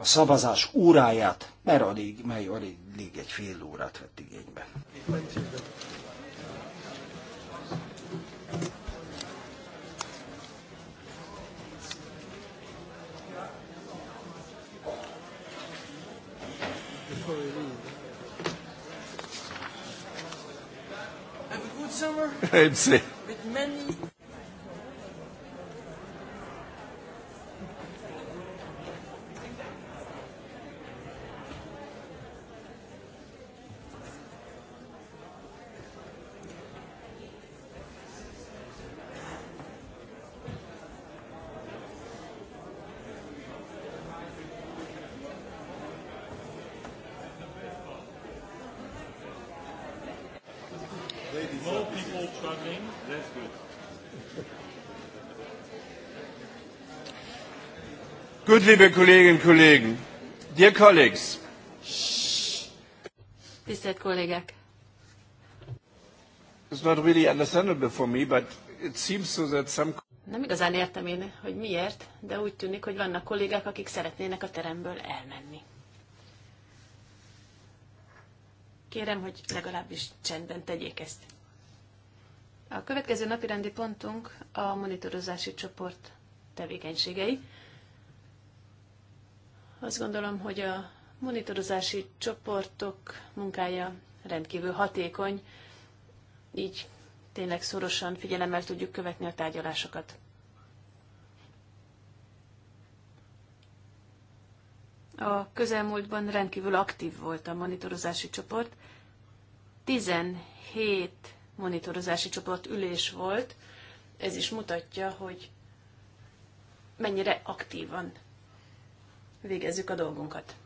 a szavazás óráját, mert alig, mely alig egy fél órát vett igénybe. Have a good summer. With many Gut, liebe Kolleginnen und Kollegen, dear colleagues. Tisztelt kollégák! It's not really understandable for me, but it seems so that some... Nem igazán értem én, hogy miért, de úgy tűnik, hogy vannak kollégák, akik szeretnének a teremből elmenni. Kérem, hogy legalábbis csendben tegyék ezt. A következő napi rendi pontunk a monitorozási csoport tevékenységei. Azt gondolom, hogy a monitorozási csoportok munkája rendkívül hatékony, így tényleg szorosan figyelemmel tudjuk követni a tárgyalásokat. A közelmúltban rendkívül aktív volt a monitorozási csoport. 17 monitorozási csoport ülés volt. Ez is mutatja, hogy mennyire aktívan végezzük a dolgunkat.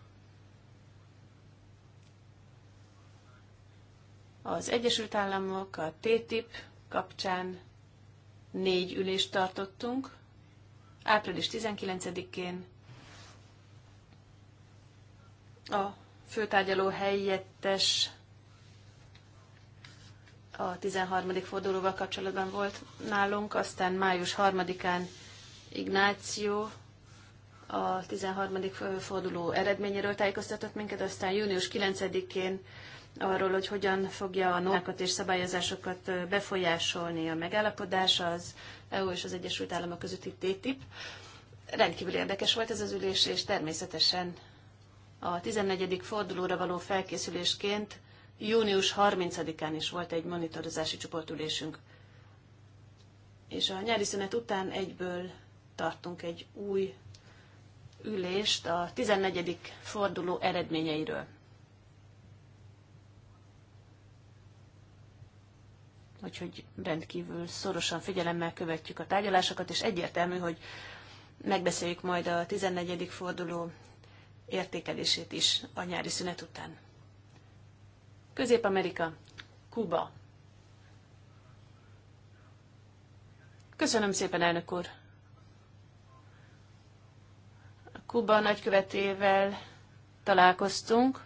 Az Egyesült Államok, a TTIP kapcsán négy ülést tartottunk, április 19-én a főtárgyaló helyettes a 13. fordulóval kapcsolatban volt nálunk, aztán május 3-án Ignáció a 13. forduló eredményéről tájékoztatott minket, aztán június 9-én arról, hogy hogyan fogja a normákat és szabályozásokat befolyásolni a megállapodás az EU és az Egyesült Államok közötti TTIP. Rendkívül érdekes volt ez az ülés, és természetesen a 14. fordulóra való felkészülésként június 30-án is volt egy monitorozási csoportülésünk. És a nyári szünet után egyből tartunk egy új ülést a 14. forduló eredményeiről. Úgyhogy rendkívül szorosan figyelemmel követjük a tárgyalásokat, és egyértelmű, hogy megbeszéljük majd a 14. forduló értékelését is a nyári szünet után. Közép-Amerika, Kuba. Köszönöm szépen, elnök úr! Kuba nagykövetével találkoztunk,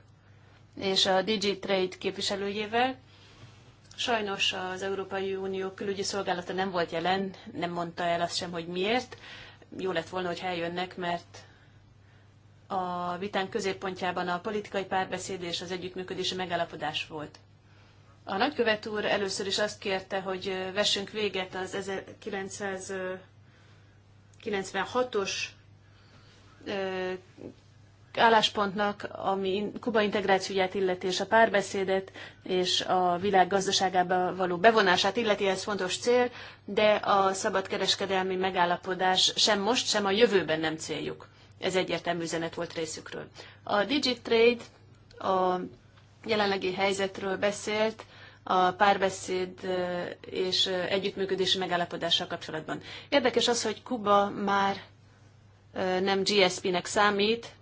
és a DigiTrade képviselőjével. Sajnos az Európai Unió külügyi szolgálata nem volt jelen, nem mondta el azt sem, hogy miért. Jó lett volna, hogy eljönnek, mert a vitán középpontjában a politikai párbeszéd és az együttműködési megállapodás volt. A nagykövet úr először is azt kérte, hogy vessünk véget az 1996-os álláspontnak, ami Kuba integrációját illeti, és a párbeszédet, és a világ gazdaságába való bevonását illeti, ez fontos cél, de a szabadkereskedelmi megállapodás sem most, sem a jövőben nem céljuk. Ez egyértelmű üzenet volt részükről. A Digitrade a jelenlegi helyzetről beszélt, a párbeszéd és együttműködési megállapodással kapcsolatban. Érdekes az, hogy Kuba már nem GSP-nek számít,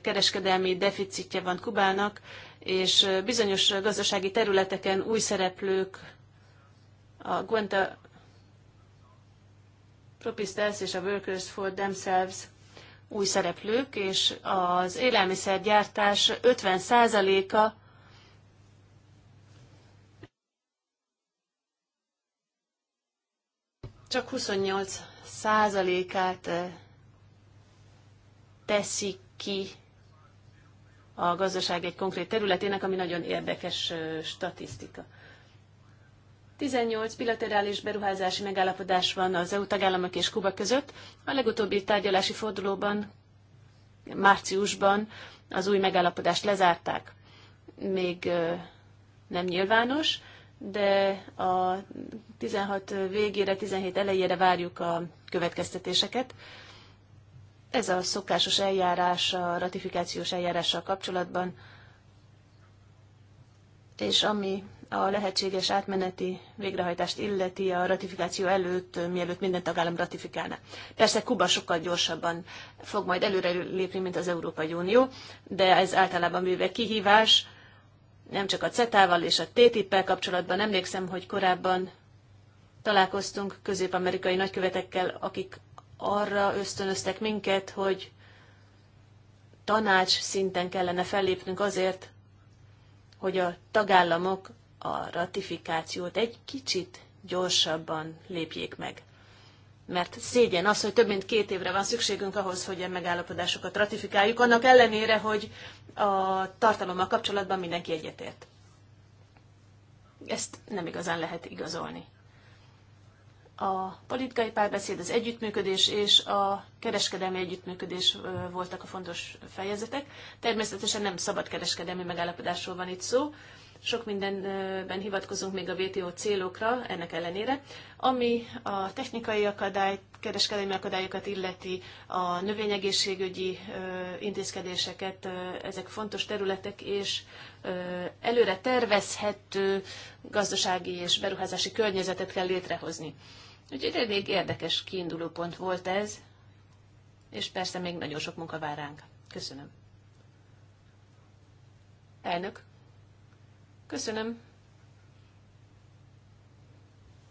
kereskedelmi deficitje van Kubának, és bizonyos gazdasági területeken új szereplők, a Gwenta Propistas és a Workers for Themselves új szereplők, és az élelmiszergyártás 50%-a csak 28%-át teszik ki a gazdaság egy konkrét területének, ami nagyon érdekes statisztika. 18 bilaterális beruházási megállapodás van az EU tagállamok és Kuba között. A legutóbbi tárgyalási fordulóban, márciusban az új megállapodást lezárták. Még nem nyilvános, de a 16 végére, 17 elejére várjuk a következtetéseket. Ez a szokásos eljárás a ratifikációs eljárással kapcsolatban, és ami a lehetséges átmeneti végrehajtást illeti a ratifikáció előtt, mielőtt minden tagállam ratifikálna. Persze Kuba sokkal gyorsabban fog majd előre lépni, mint az Európai Unió, de ez általában véve kihívás, nem csak a CETA-val és a TTIP-pel kapcsolatban. Emlékszem, hogy korábban találkoztunk közép-amerikai nagykövetekkel, akik arra ösztönöztek minket, hogy tanács szinten kellene fellépnünk azért, hogy a tagállamok a ratifikációt egy kicsit gyorsabban lépjék meg. Mert szégyen az, hogy több mint két évre van szükségünk ahhoz, hogy a megállapodásokat ratifikáljuk, annak ellenére, hogy a tartalommal kapcsolatban mindenki egyetért. Ezt nem igazán lehet igazolni. A politikai párbeszéd, az együttműködés és a kereskedelmi együttműködés voltak a fontos fejezetek. Természetesen nem szabad kereskedelmi megállapodásról van itt szó, sok mindenben hivatkozunk még a WTO célokra, ennek ellenére, ami a technikai akadályt, kereskedelmi akadályokat illeti, a növényegészségügyi intézkedéseket, ezek fontos területek, és előre tervezhető gazdasági és beruházási környezetet kell létrehozni. Úgyhogy elég érdekes kiinduló pont volt ez, és persze még nagyon sok munka vár ránk. Köszönöm. Elnök. Köszönöm.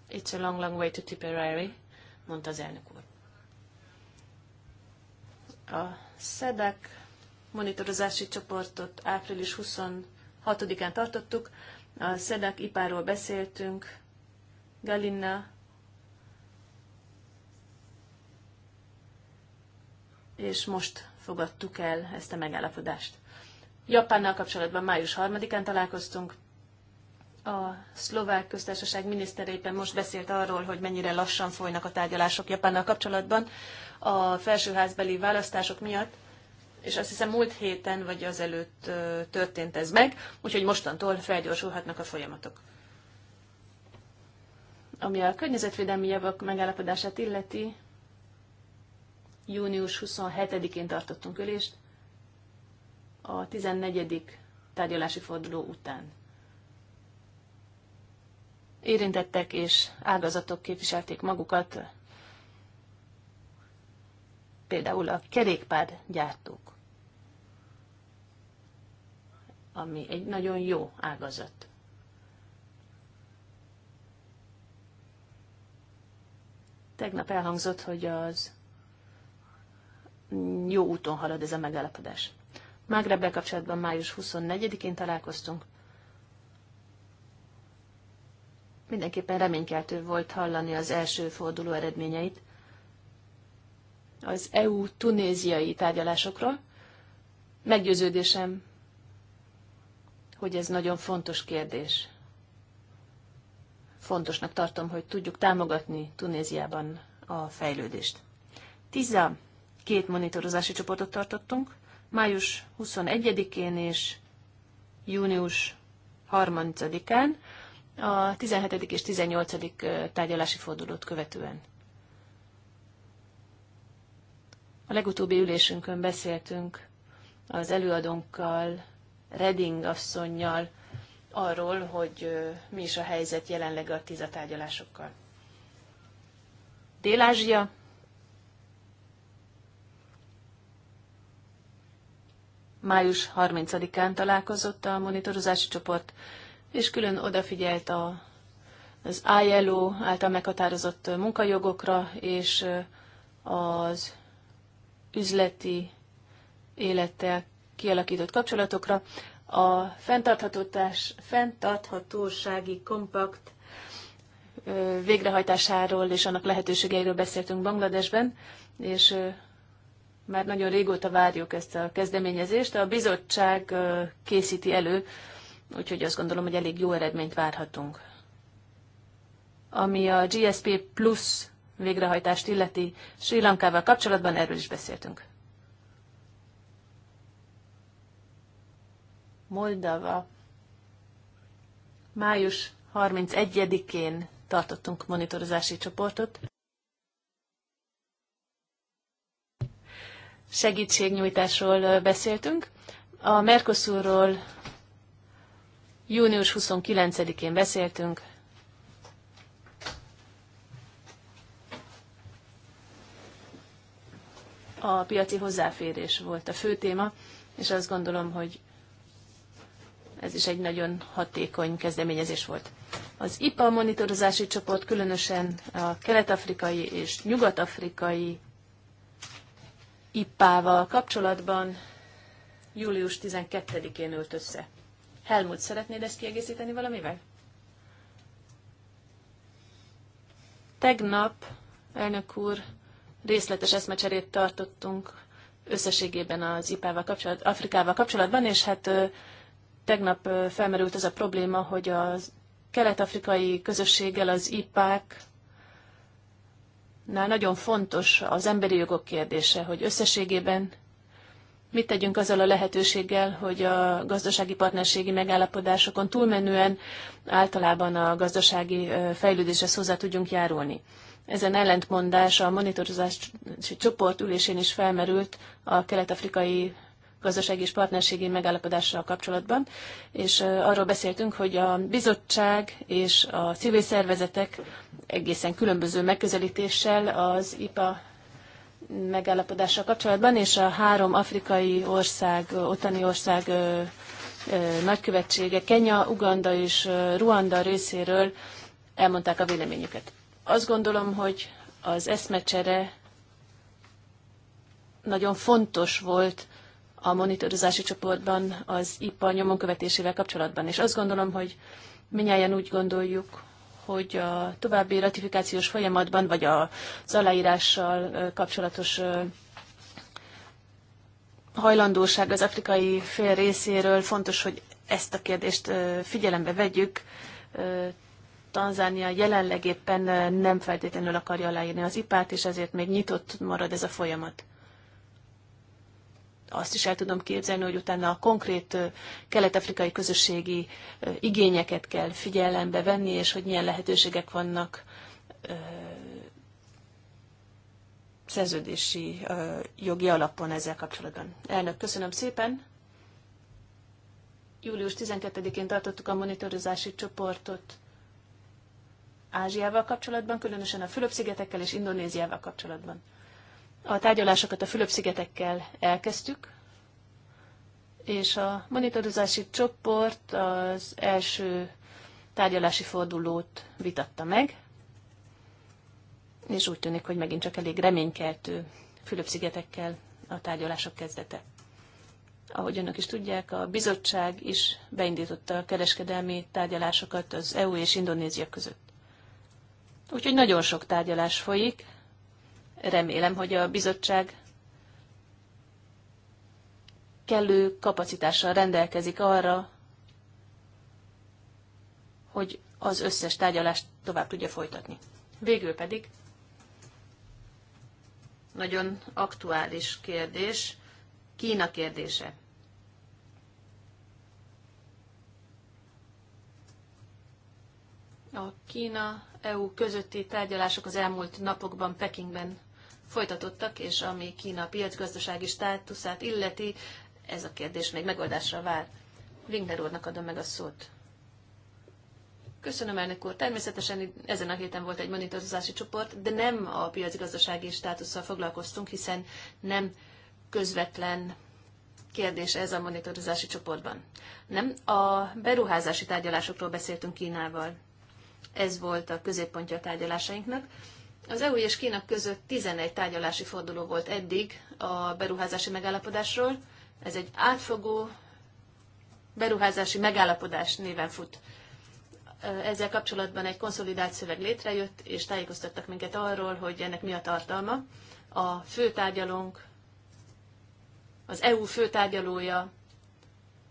It's a long, long way to Tipperary, mondta az elnök úr. A SEDAC monitorozási csoportot április 26-án tartottuk. A SEDAC ipáról beszéltünk. Galina és most fogadtuk el ezt a megállapodást. Japánnal kapcsolatban május 3-án találkoztunk. A szlovák köztársaság miniszter éppen most beszélt arról, hogy mennyire lassan folynak a tárgyalások Japánnal kapcsolatban a felsőházbeli választások miatt, és azt hiszem múlt héten vagy azelőtt történt ez meg, úgyhogy mostantól felgyorsulhatnak a folyamatok. Ami a környezetvédelmi javak megállapodását illeti, június 27-én tartottunk ülést, a 14. tárgyalási forduló után. Érintettek és ágazatok képviselték magukat, például a gyártók, ami egy nagyon jó ágazat. Tegnap elhangzott, hogy az jó úton halad ez a megállapodás. Mágrebbel kapcsolatban május 24-én találkoztunk. Mindenképpen reménykeltő volt hallani az első forduló eredményeit az EU-tunéziai tárgyalásokról. Meggyőződésem, hogy ez nagyon fontos kérdés. Fontosnak tartom, hogy tudjuk támogatni Tunéziában a fejlődést. Tiza Két monitorozási csoportot tartottunk, május 21-én és június 30-án, a 17. és 18. tárgyalási fordulót követően. A legutóbbi ülésünkön beszéltünk az előadónkkal, Reding asszonynal arról, hogy mi is a helyzet jelenleg a tárgyalásokkal. Dél-Ázsia május 30-án találkozott a monitorozási csoport, és külön odafigyelt a, az ILO által meghatározott munkajogokra és az üzleti élettel kialakított kapcsolatokra. A fenntarthatósági kompakt végrehajtásáról és annak lehetőségeiről beszéltünk Bangladesben, és már nagyon régóta várjuk ezt a kezdeményezést. A bizottság készíti elő, úgyhogy azt gondolom, hogy elég jó eredményt várhatunk. Ami a GSP plusz végrehajtást illeti Sri Lankával kapcsolatban, erről is beszéltünk. Moldava. Május 31-én tartottunk monitorozási csoportot. segítségnyújtásról beszéltünk. A Mercosurról június 29-én beszéltünk. A piaci hozzáférés volt a fő téma, és azt gondolom, hogy ez is egy nagyon hatékony kezdeményezés volt. Az IPA monitorozási csoport különösen a kelet-afrikai és nyugat-afrikai Ippával kapcsolatban július 12-én ült össze. Helmut, szeretnéd ezt kiegészíteni valamivel? Tegnap, elnök úr, részletes eszmecserét tartottunk összességében az IPA-val kapcsolat, Afrikával kapcsolatban, és hát tegnap felmerült ez a probléma, hogy a kelet-afrikai közösséggel az IPák nagyon fontos az emberi jogok kérdése, hogy összességében mit tegyünk azzal a lehetőséggel, hogy a gazdasági partnerségi megállapodásokon túlmenően általában a gazdasági fejlődéshez hozzá tudjunk járulni. Ezen ellentmondás a monitorozási csoport ülésén is felmerült a kelet-afrikai gazdasági és partnerségi megállapodással kapcsolatban, és arról beszéltünk, hogy a bizottság és a civil szervezetek egészen különböző megközelítéssel az IPA megállapodással kapcsolatban, és a három afrikai ország, ottani ország nagykövetsége, Kenya, Uganda és Ruanda részéről elmondták a véleményüket. Azt gondolom, hogy az eszmecsere nagyon fontos volt a monitorozási csoportban az IPA nyomon követésével kapcsolatban. És azt gondolom, hogy minnyáján úgy gondoljuk, hogy a további ratifikációs folyamatban, vagy az aláírással kapcsolatos hajlandóság az afrikai fél részéről fontos, hogy ezt a kérdést figyelembe vegyük. Tanzánia jelenleg éppen nem feltétlenül akarja aláírni az ipát, és ezért még nyitott marad ez a folyamat azt is el tudom képzelni, hogy utána a konkrét kelet-afrikai közösségi igényeket kell figyelembe venni, és hogy milyen lehetőségek vannak szerződési jogi alapon ezzel kapcsolatban. Elnök, köszönöm szépen! Július 12-én tartottuk a monitorozási csoportot Ázsiával kapcsolatban, különösen a Fülöp-szigetekkel és Indonéziával kapcsolatban. A tárgyalásokat a Fülöp-szigetekkel elkezdtük, és a monitorozási csoport az első tárgyalási fordulót vitatta meg, és úgy tűnik, hogy megint csak elég reménykeltő Fülöp-szigetekkel a tárgyalások kezdete. Ahogy önök is tudják, a bizottság is beindította a kereskedelmi tárgyalásokat az EU és Indonézia között. Úgyhogy nagyon sok tárgyalás folyik, Remélem, hogy a bizottság kellő kapacitással rendelkezik arra, hogy az összes tárgyalást tovább tudja folytatni. Végül pedig nagyon aktuális kérdés, Kína kérdése. A Kína-EU közötti tárgyalások az elmúlt napokban Pekingben folytatottak, és ami Kína piacgazdasági státuszát illeti, ez a kérdés még megoldásra vár. Wigner úrnak adom meg a szót. Köszönöm, elnök úr. Természetesen ezen a héten volt egy monitorozási csoport, de nem a piacgazdasági státusszal foglalkoztunk, hiszen nem közvetlen kérdés ez a monitorozási csoportban. Nem, a beruházási tárgyalásokról beszéltünk Kínával. Ez volt a középpontja a tárgyalásainknak, az EU és Kína között 11 tárgyalási forduló volt eddig a beruházási megállapodásról. Ez egy átfogó beruházási megállapodás néven fut. Ezzel kapcsolatban egy konszolidált szöveg létrejött, és tájékoztattak minket arról, hogy ennek mi a tartalma. A főtárgyalónk, az EU főtárgyalója,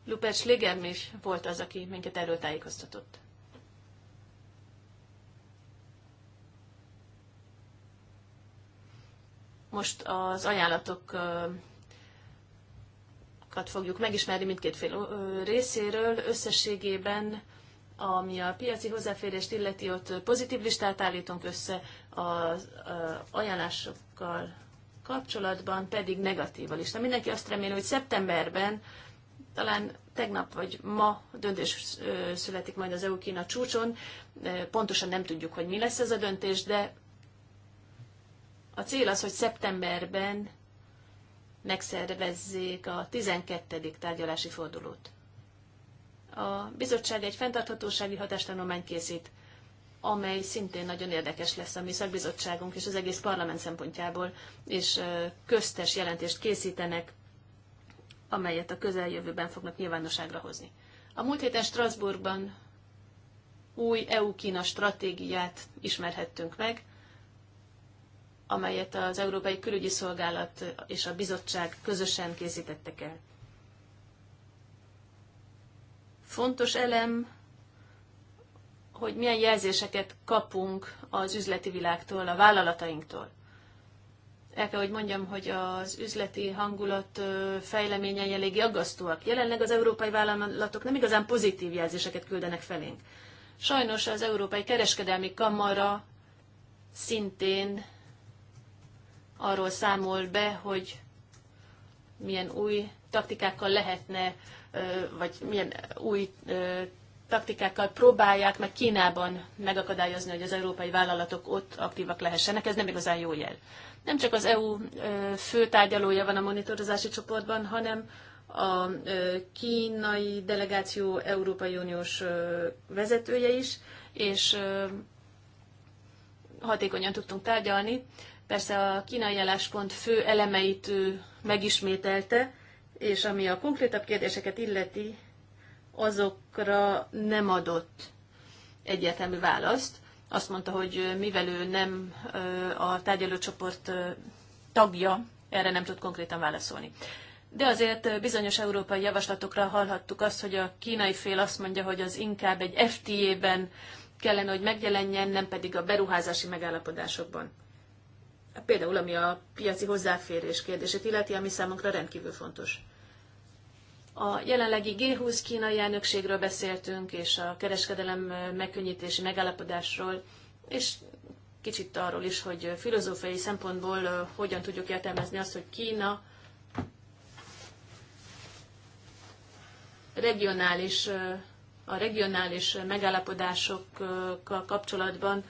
Lupert Schlegelm volt az, aki minket erről tájékoztatott. Most az ajánlatokat fogjuk megismerni mindkét fél részéről. Összességében, ami a piaci hozzáférést illeti, ott pozitív listát állítunk össze az ajánlásokkal kapcsolatban, pedig negatív a lista. Mindenki azt reméli, hogy szeptemberben talán tegnap vagy ma döntés születik majd az EU-Kína csúcson. Pontosan nem tudjuk, hogy mi lesz ez a döntés, de a cél az, hogy szeptemberben megszervezzék a 12. tárgyalási fordulót. A bizottság egy fenntarthatósági hatástanulmányt készít, amely szintén nagyon érdekes lesz a mi szakbizottságunk és az egész parlament szempontjából, és köztes jelentést készítenek, amelyet a közeljövőben fognak nyilvánosságra hozni. A múlt héten Strasbourgban új EU-Kína stratégiát ismerhettünk meg, amelyet az Európai Külügyi Szolgálat és a bizottság közösen készítettek el. Fontos elem, hogy milyen jelzéseket kapunk az üzleti világtól, a vállalatainktól. El kell, hogy mondjam, hogy az üzleti hangulat fejleményei eléggé aggasztóak. Jelenleg az európai vállalatok nem igazán pozitív jelzéseket küldenek felénk. Sajnos az Európai Kereskedelmi Kamara szintén arról számol be, hogy milyen új taktikákkal lehetne, vagy milyen új taktikákkal próbálják meg Kínában megakadályozni, hogy az európai vállalatok ott aktívak lehessenek. Ez nem igazán jó jel. Nem csak az EU főtárgyalója van a monitorozási csoportban, hanem a kínai delegáció Európai Uniós vezetője is, és hatékonyan tudtunk tárgyalni. Persze a kínai álláspont fő elemeit ő megismételte, és ami a konkrétabb kérdéseket illeti, azokra nem adott egyértelmű választ. Azt mondta, hogy mivel ő nem a tárgyalócsoport tagja, erre nem tud konkrétan válaszolni. De azért bizonyos európai javaslatokra hallhattuk azt, hogy a kínai fél azt mondja, hogy az inkább egy FTA-ben kellene, hogy megjelenjen, nem pedig a beruházási megállapodásokban például ami a piaci hozzáférés kérdését illeti, ami számunkra rendkívül fontos. A jelenlegi G20 kínai elnökségről beszéltünk, és a kereskedelem megkönnyítési megállapodásról, és kicsit arról is, hogy filozófiai szempontból hogyan tudjuk értelmezni azt, hogy Kína regionális, a regionális megállapodásokkal kapcsolatban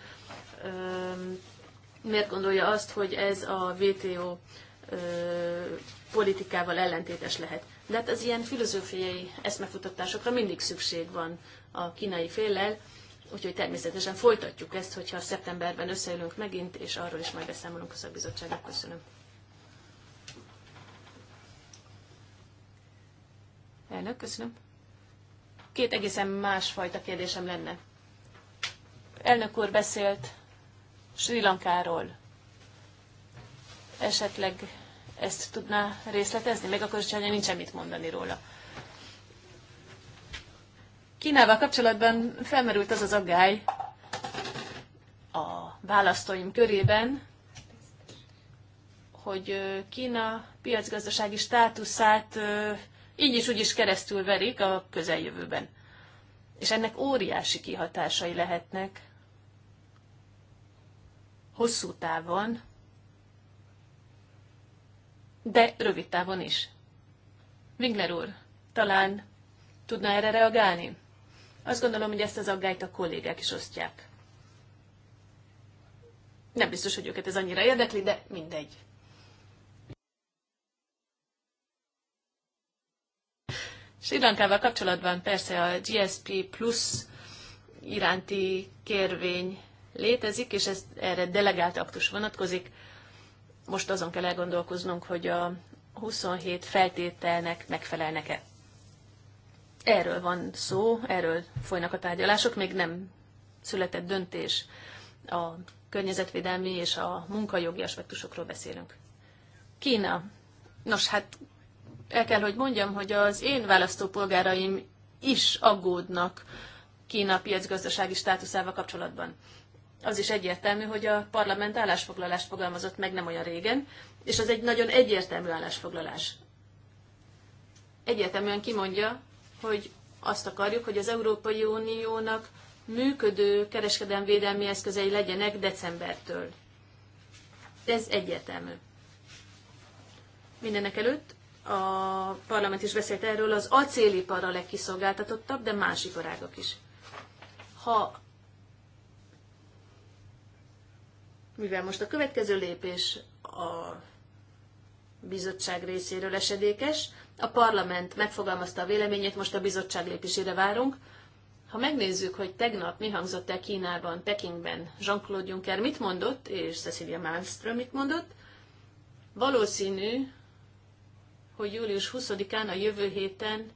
miért gondolja azt, hogy ez a WTO ö, politikával ellentétes lehet. De hát az ilyen filozófiai eszmefutatásokra mindig szükség van a kínai féllel, úgyhogy természetesen folytatjuk ezt, hogyha szeptemberben összeülünk megint, és arról is majd beszámolunk a szakbizottságnak. Köszönöm. Elnök, köszönöm. Két egészen másfajta kérdésem lenne. Elnök úr beszélt Sri Lankáról. Esetleg ezt tudná részletezni, Meg akkor is, nincs semmit mondani róla. Kínával kapcsolatban felmerült az az aggály a választóim körében, hogy Kína piacgazdasági státuszát így is úgy is keresztül verik a közeljövőben. És ennek óriási kihatásai lehetnek hosszú távon, de rövid távon is. Wingler úr, talán tudna erre reagálni? Azt gondolom, hogy ezt az aggályt a kollégák is osztják. Nem biztos, hogy őket ez annyira érdekli, de mindegy. Sri Lankával kapcsolatban persze a GSP plusz iránti kérvény létezik, és ez, erre delegált aktus vonatkozik. Most azon kell elgondolkoznunk, hogy a 27 feltételnek megfelelnek-e. Erről van szó, erről folynak a tárgyalások, még nem született döntés a környezetvédelmi és a munkajogi aspektusokról beszélünk. Kína. Nos, hát el kell, hogy mondjam, hogy az én választópolgáraim is aggódnak Kína piacgazdasági státuszával kapcsolatban az is egyértelmű, hogy a parlament állásfoglalást fogalmazott meg nem olyan régen, és az egy nagyon egyértelmű állásfoglalás. Egyértelműen kimondja, hogy azt akarjuk, hogy az Európai Uniónak működő kereskedelmvédelmi eszközei legyenek decembertől. Ez egyértelmű. Mindenek előtt a parlament is beszélt erről, az acélipar a legkiszolgáltatottabb, de más iparágok is. Ha mivel most a következő lépés a bizottság részéről esedékes, a parlament megfogalmazta a véleményét, most a bizottság lépésére várunk. Ha megnézzük, hogy tegnap mi hangzott el Kínában, Pekingben, Jean-Claude Juncker mit mondott, és Cecilia Malmström mit mondott, valószínű, hogy július 20-án a jövő héten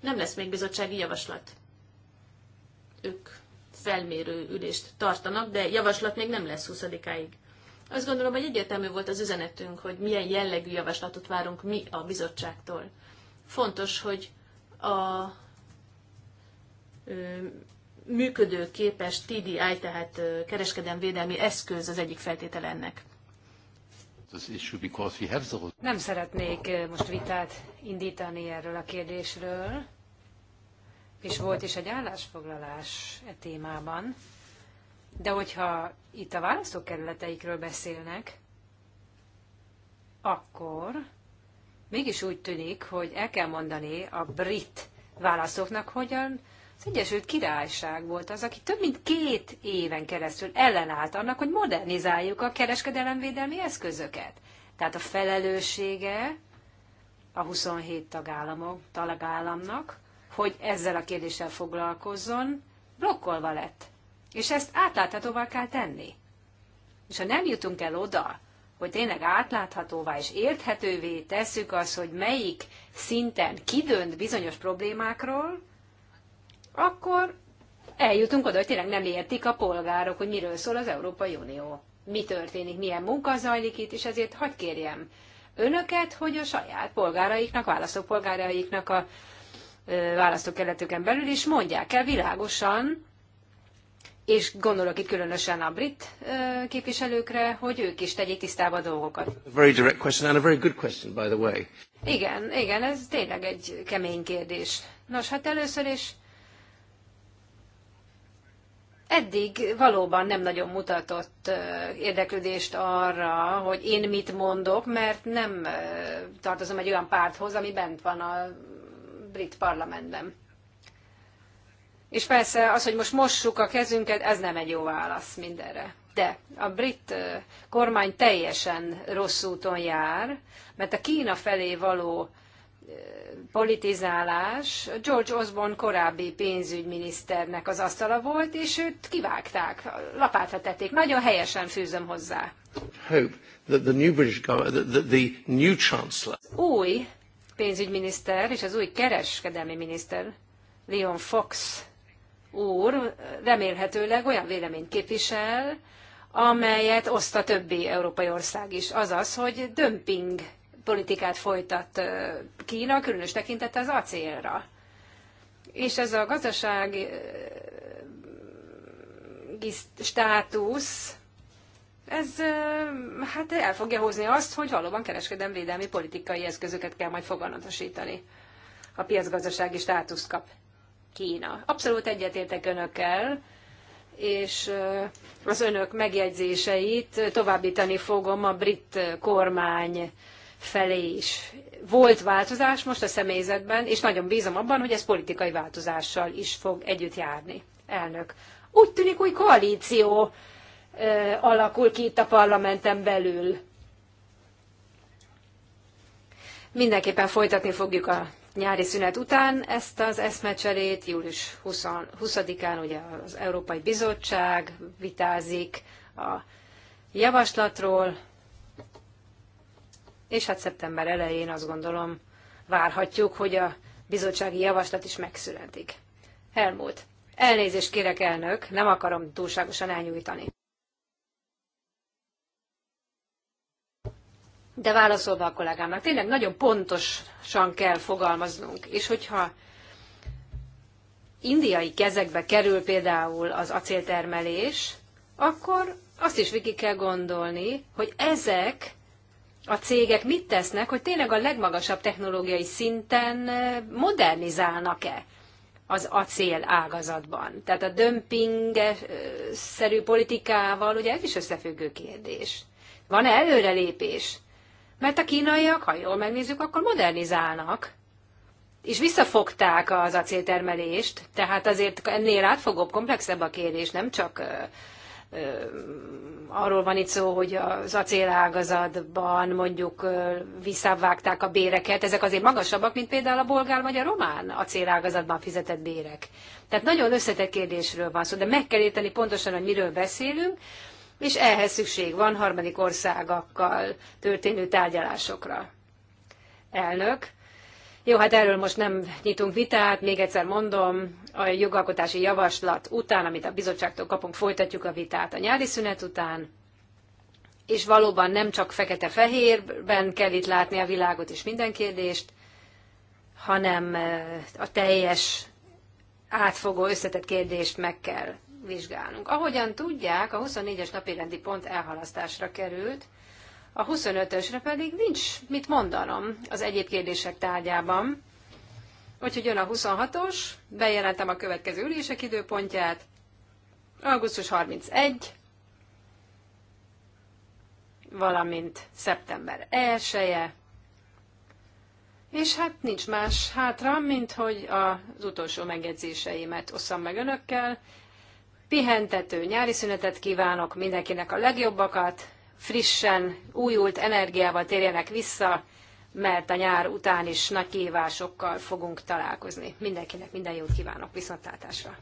nem lesz még bizottsági javaslat. Ők felmérő ülést tartanak, de javaslat még nem lesz 20-áig. Azt gondolom, hogy egyértelmű volt az üzenetünk, hogy milyen jellegű javaslatot várunk mi a bizottságtól. Fontos, hogy a működőképes TDI, tehát kereskedelmvédelmi eszköz az egyik feltétele ennek. Nem szeretnék most vitát indítani erről a kérdésről, és volt is egy állásfoglalás e témában, de hogyha itt a választókerületeikről beszélnek, akkor mégis úgy tűnik, hogy el kell mondani a brit választóknak, hogy az Egyesült Királyság volt az, aki több mint két éven keresztül ellenállt annak, hogy modernizáljuk a kereskedelemvédelmi eszközöket. Tehát a felelőssége a 27 tagállamok, tagállamnak, hogy ezzel a kérdéssel foglalkozzon, blokkolva lett. És ezt átláthatóvá kell tenni. És ha nem jutunk el oda, hogy tényleg átláthatóvá és érthetővé tesszük az, hogy melyik szinten kidönt bizonyos problémákról, akkor eljutunk oda, hogy tényleg nem értik a polgárok, hogy miről szól az Európai Unió. Mi történik, milyen munka zajlik itt, és ezért hagyd kérjem önöket, hogy a saját polgáraiknak, választópolgáraiknak a választókerületeken belül, is mondják el világosan, és gondolok itt különösen a brit képviselőkre, hogy ők is tegyék tisztába a dolgokat. very direct question and a very good question, by the way. Igen, igen, ez tényleg egy kemény kérdés. Nos, hát először is eddig valóban nem nagyon mutatott érdeklődést arra, hogy én mit mondok, mert nem tartozom egy olyan párthoz, ami bent van a brit parlamentben. És persze az, hogy most mossuk a kezünket, ez nem egy jó válasz mindenre. De a brit kormány teljesen rossz úton jár, mert a Kína felé való politizálás George Osborne korábbi pénzügyminiszternek az asztala volt, és őt kivágták, lapátra tették. Nagyon helyesen fűzöm hozzá. Új pénzügyminiszter és az új kereskedelmi miniszter, Leon Fox úr remélhetőleg olyan véleményt képvisel, amelyet oszt a többi európai ország is. Azaz, hogy dömping politikát folytat Kína, különös tekintettel az acélra. És ez a gazdasági státusz ez hát el fogja hozni azt, hogy valóban kereskedelmi politikai eszközöket kell majd foganatosítani. A piacgazdasági státuszt kap Kína. Abszolút egyetértek önökkel, és az önök megjegyzéseit továbbítani fogom a brit kormány felé is. Volt változás most a személyzetben, és nagyon bízom abban, hogy ez politikai változással is fog együtt járni. Elnök. Úgy tűnik új koalíció alakul ki itt a parlamenten belül. Mindenképpen folytatni fogjuk a nyári szünet után ezt az eszmecserét. Július 20-án ugye az Európai Bizottság vitázik a javaslatról, és hát szeptember elején azt gondolom várhatjuk, hogy a bizottsági javaslat is megszületik. Helmut, elnézést kérek elnök, nem akarom túlságosan elnyújtani. De válaszolva a kollégámnak, tényleg nagyon pontosan kell fogalmaznunk, és hogyha indiai kezekbe kerül például az acéltermelés, akkor azt is végig kell gondolni, hogy ezek a cégek mit tesznek, hogy tényleg a legmagasabb technológiai szinten eh, modernizálnak-e az acél ágazatban. Tehát a dömping-szerű eh, politikával, ugye ez is összefüggő kérdés. Van-e előrelépés? Mert a kínaiak, ha jól megnézzük, akkor modernizálnak. És visszafogták az acéltermelést, tehát azért ennél átfogóbb, komplexebb a kérdés, nem csak ö, ö, arról van itt szó, hogy az acélágazatban mondjuk ö, visszavágták a béreket, ezek azért magasabbak, mint például a bolgár vagy a román acélágazatban fizetett bérek. Tehát nagyon összetett kérdésről van szó, de meg kell érteni pontosan, hogy miről beszélünk, és ehhez szükség van harmadik országokkal történő tárgyalásokra. Elnök. Jó, hát erről most nem nyitunk vitát, még egyszer mondom, a jogalkotási javaslat után, amit a bizottságtól kapunk, folytatjuk a vitát a nyári szünet után, és valóban nem csak fekete-fehérben kell itt látni a világot és minden kérdést, hanem eh, a teljes átfogó összetett kérdést meg kell vizsgálnunk. Ahogyan tudják, a 24-es napirendi pont elhalasztásra került, a 25-ösre pedig nincs mit mondanom az egyéb kérdések tárgyában. Úgyhogy jön a 26-os, bejelentem a következő ülések időpontját, augusztus 31, valamint szeptember 1 -e. És hát nincs más hátra, mint hogy az utolsó megjegyzéseimet osszam meg önökkel, pihentető nyári szünetet kívánok mindenkinek a legjobbakat, frissen, újult energiával térjenek vissza, mert a nyár után is nagy kívásokkal fogunk találkozni. Mindenkinek minden jót kívánok, viszontlátásra!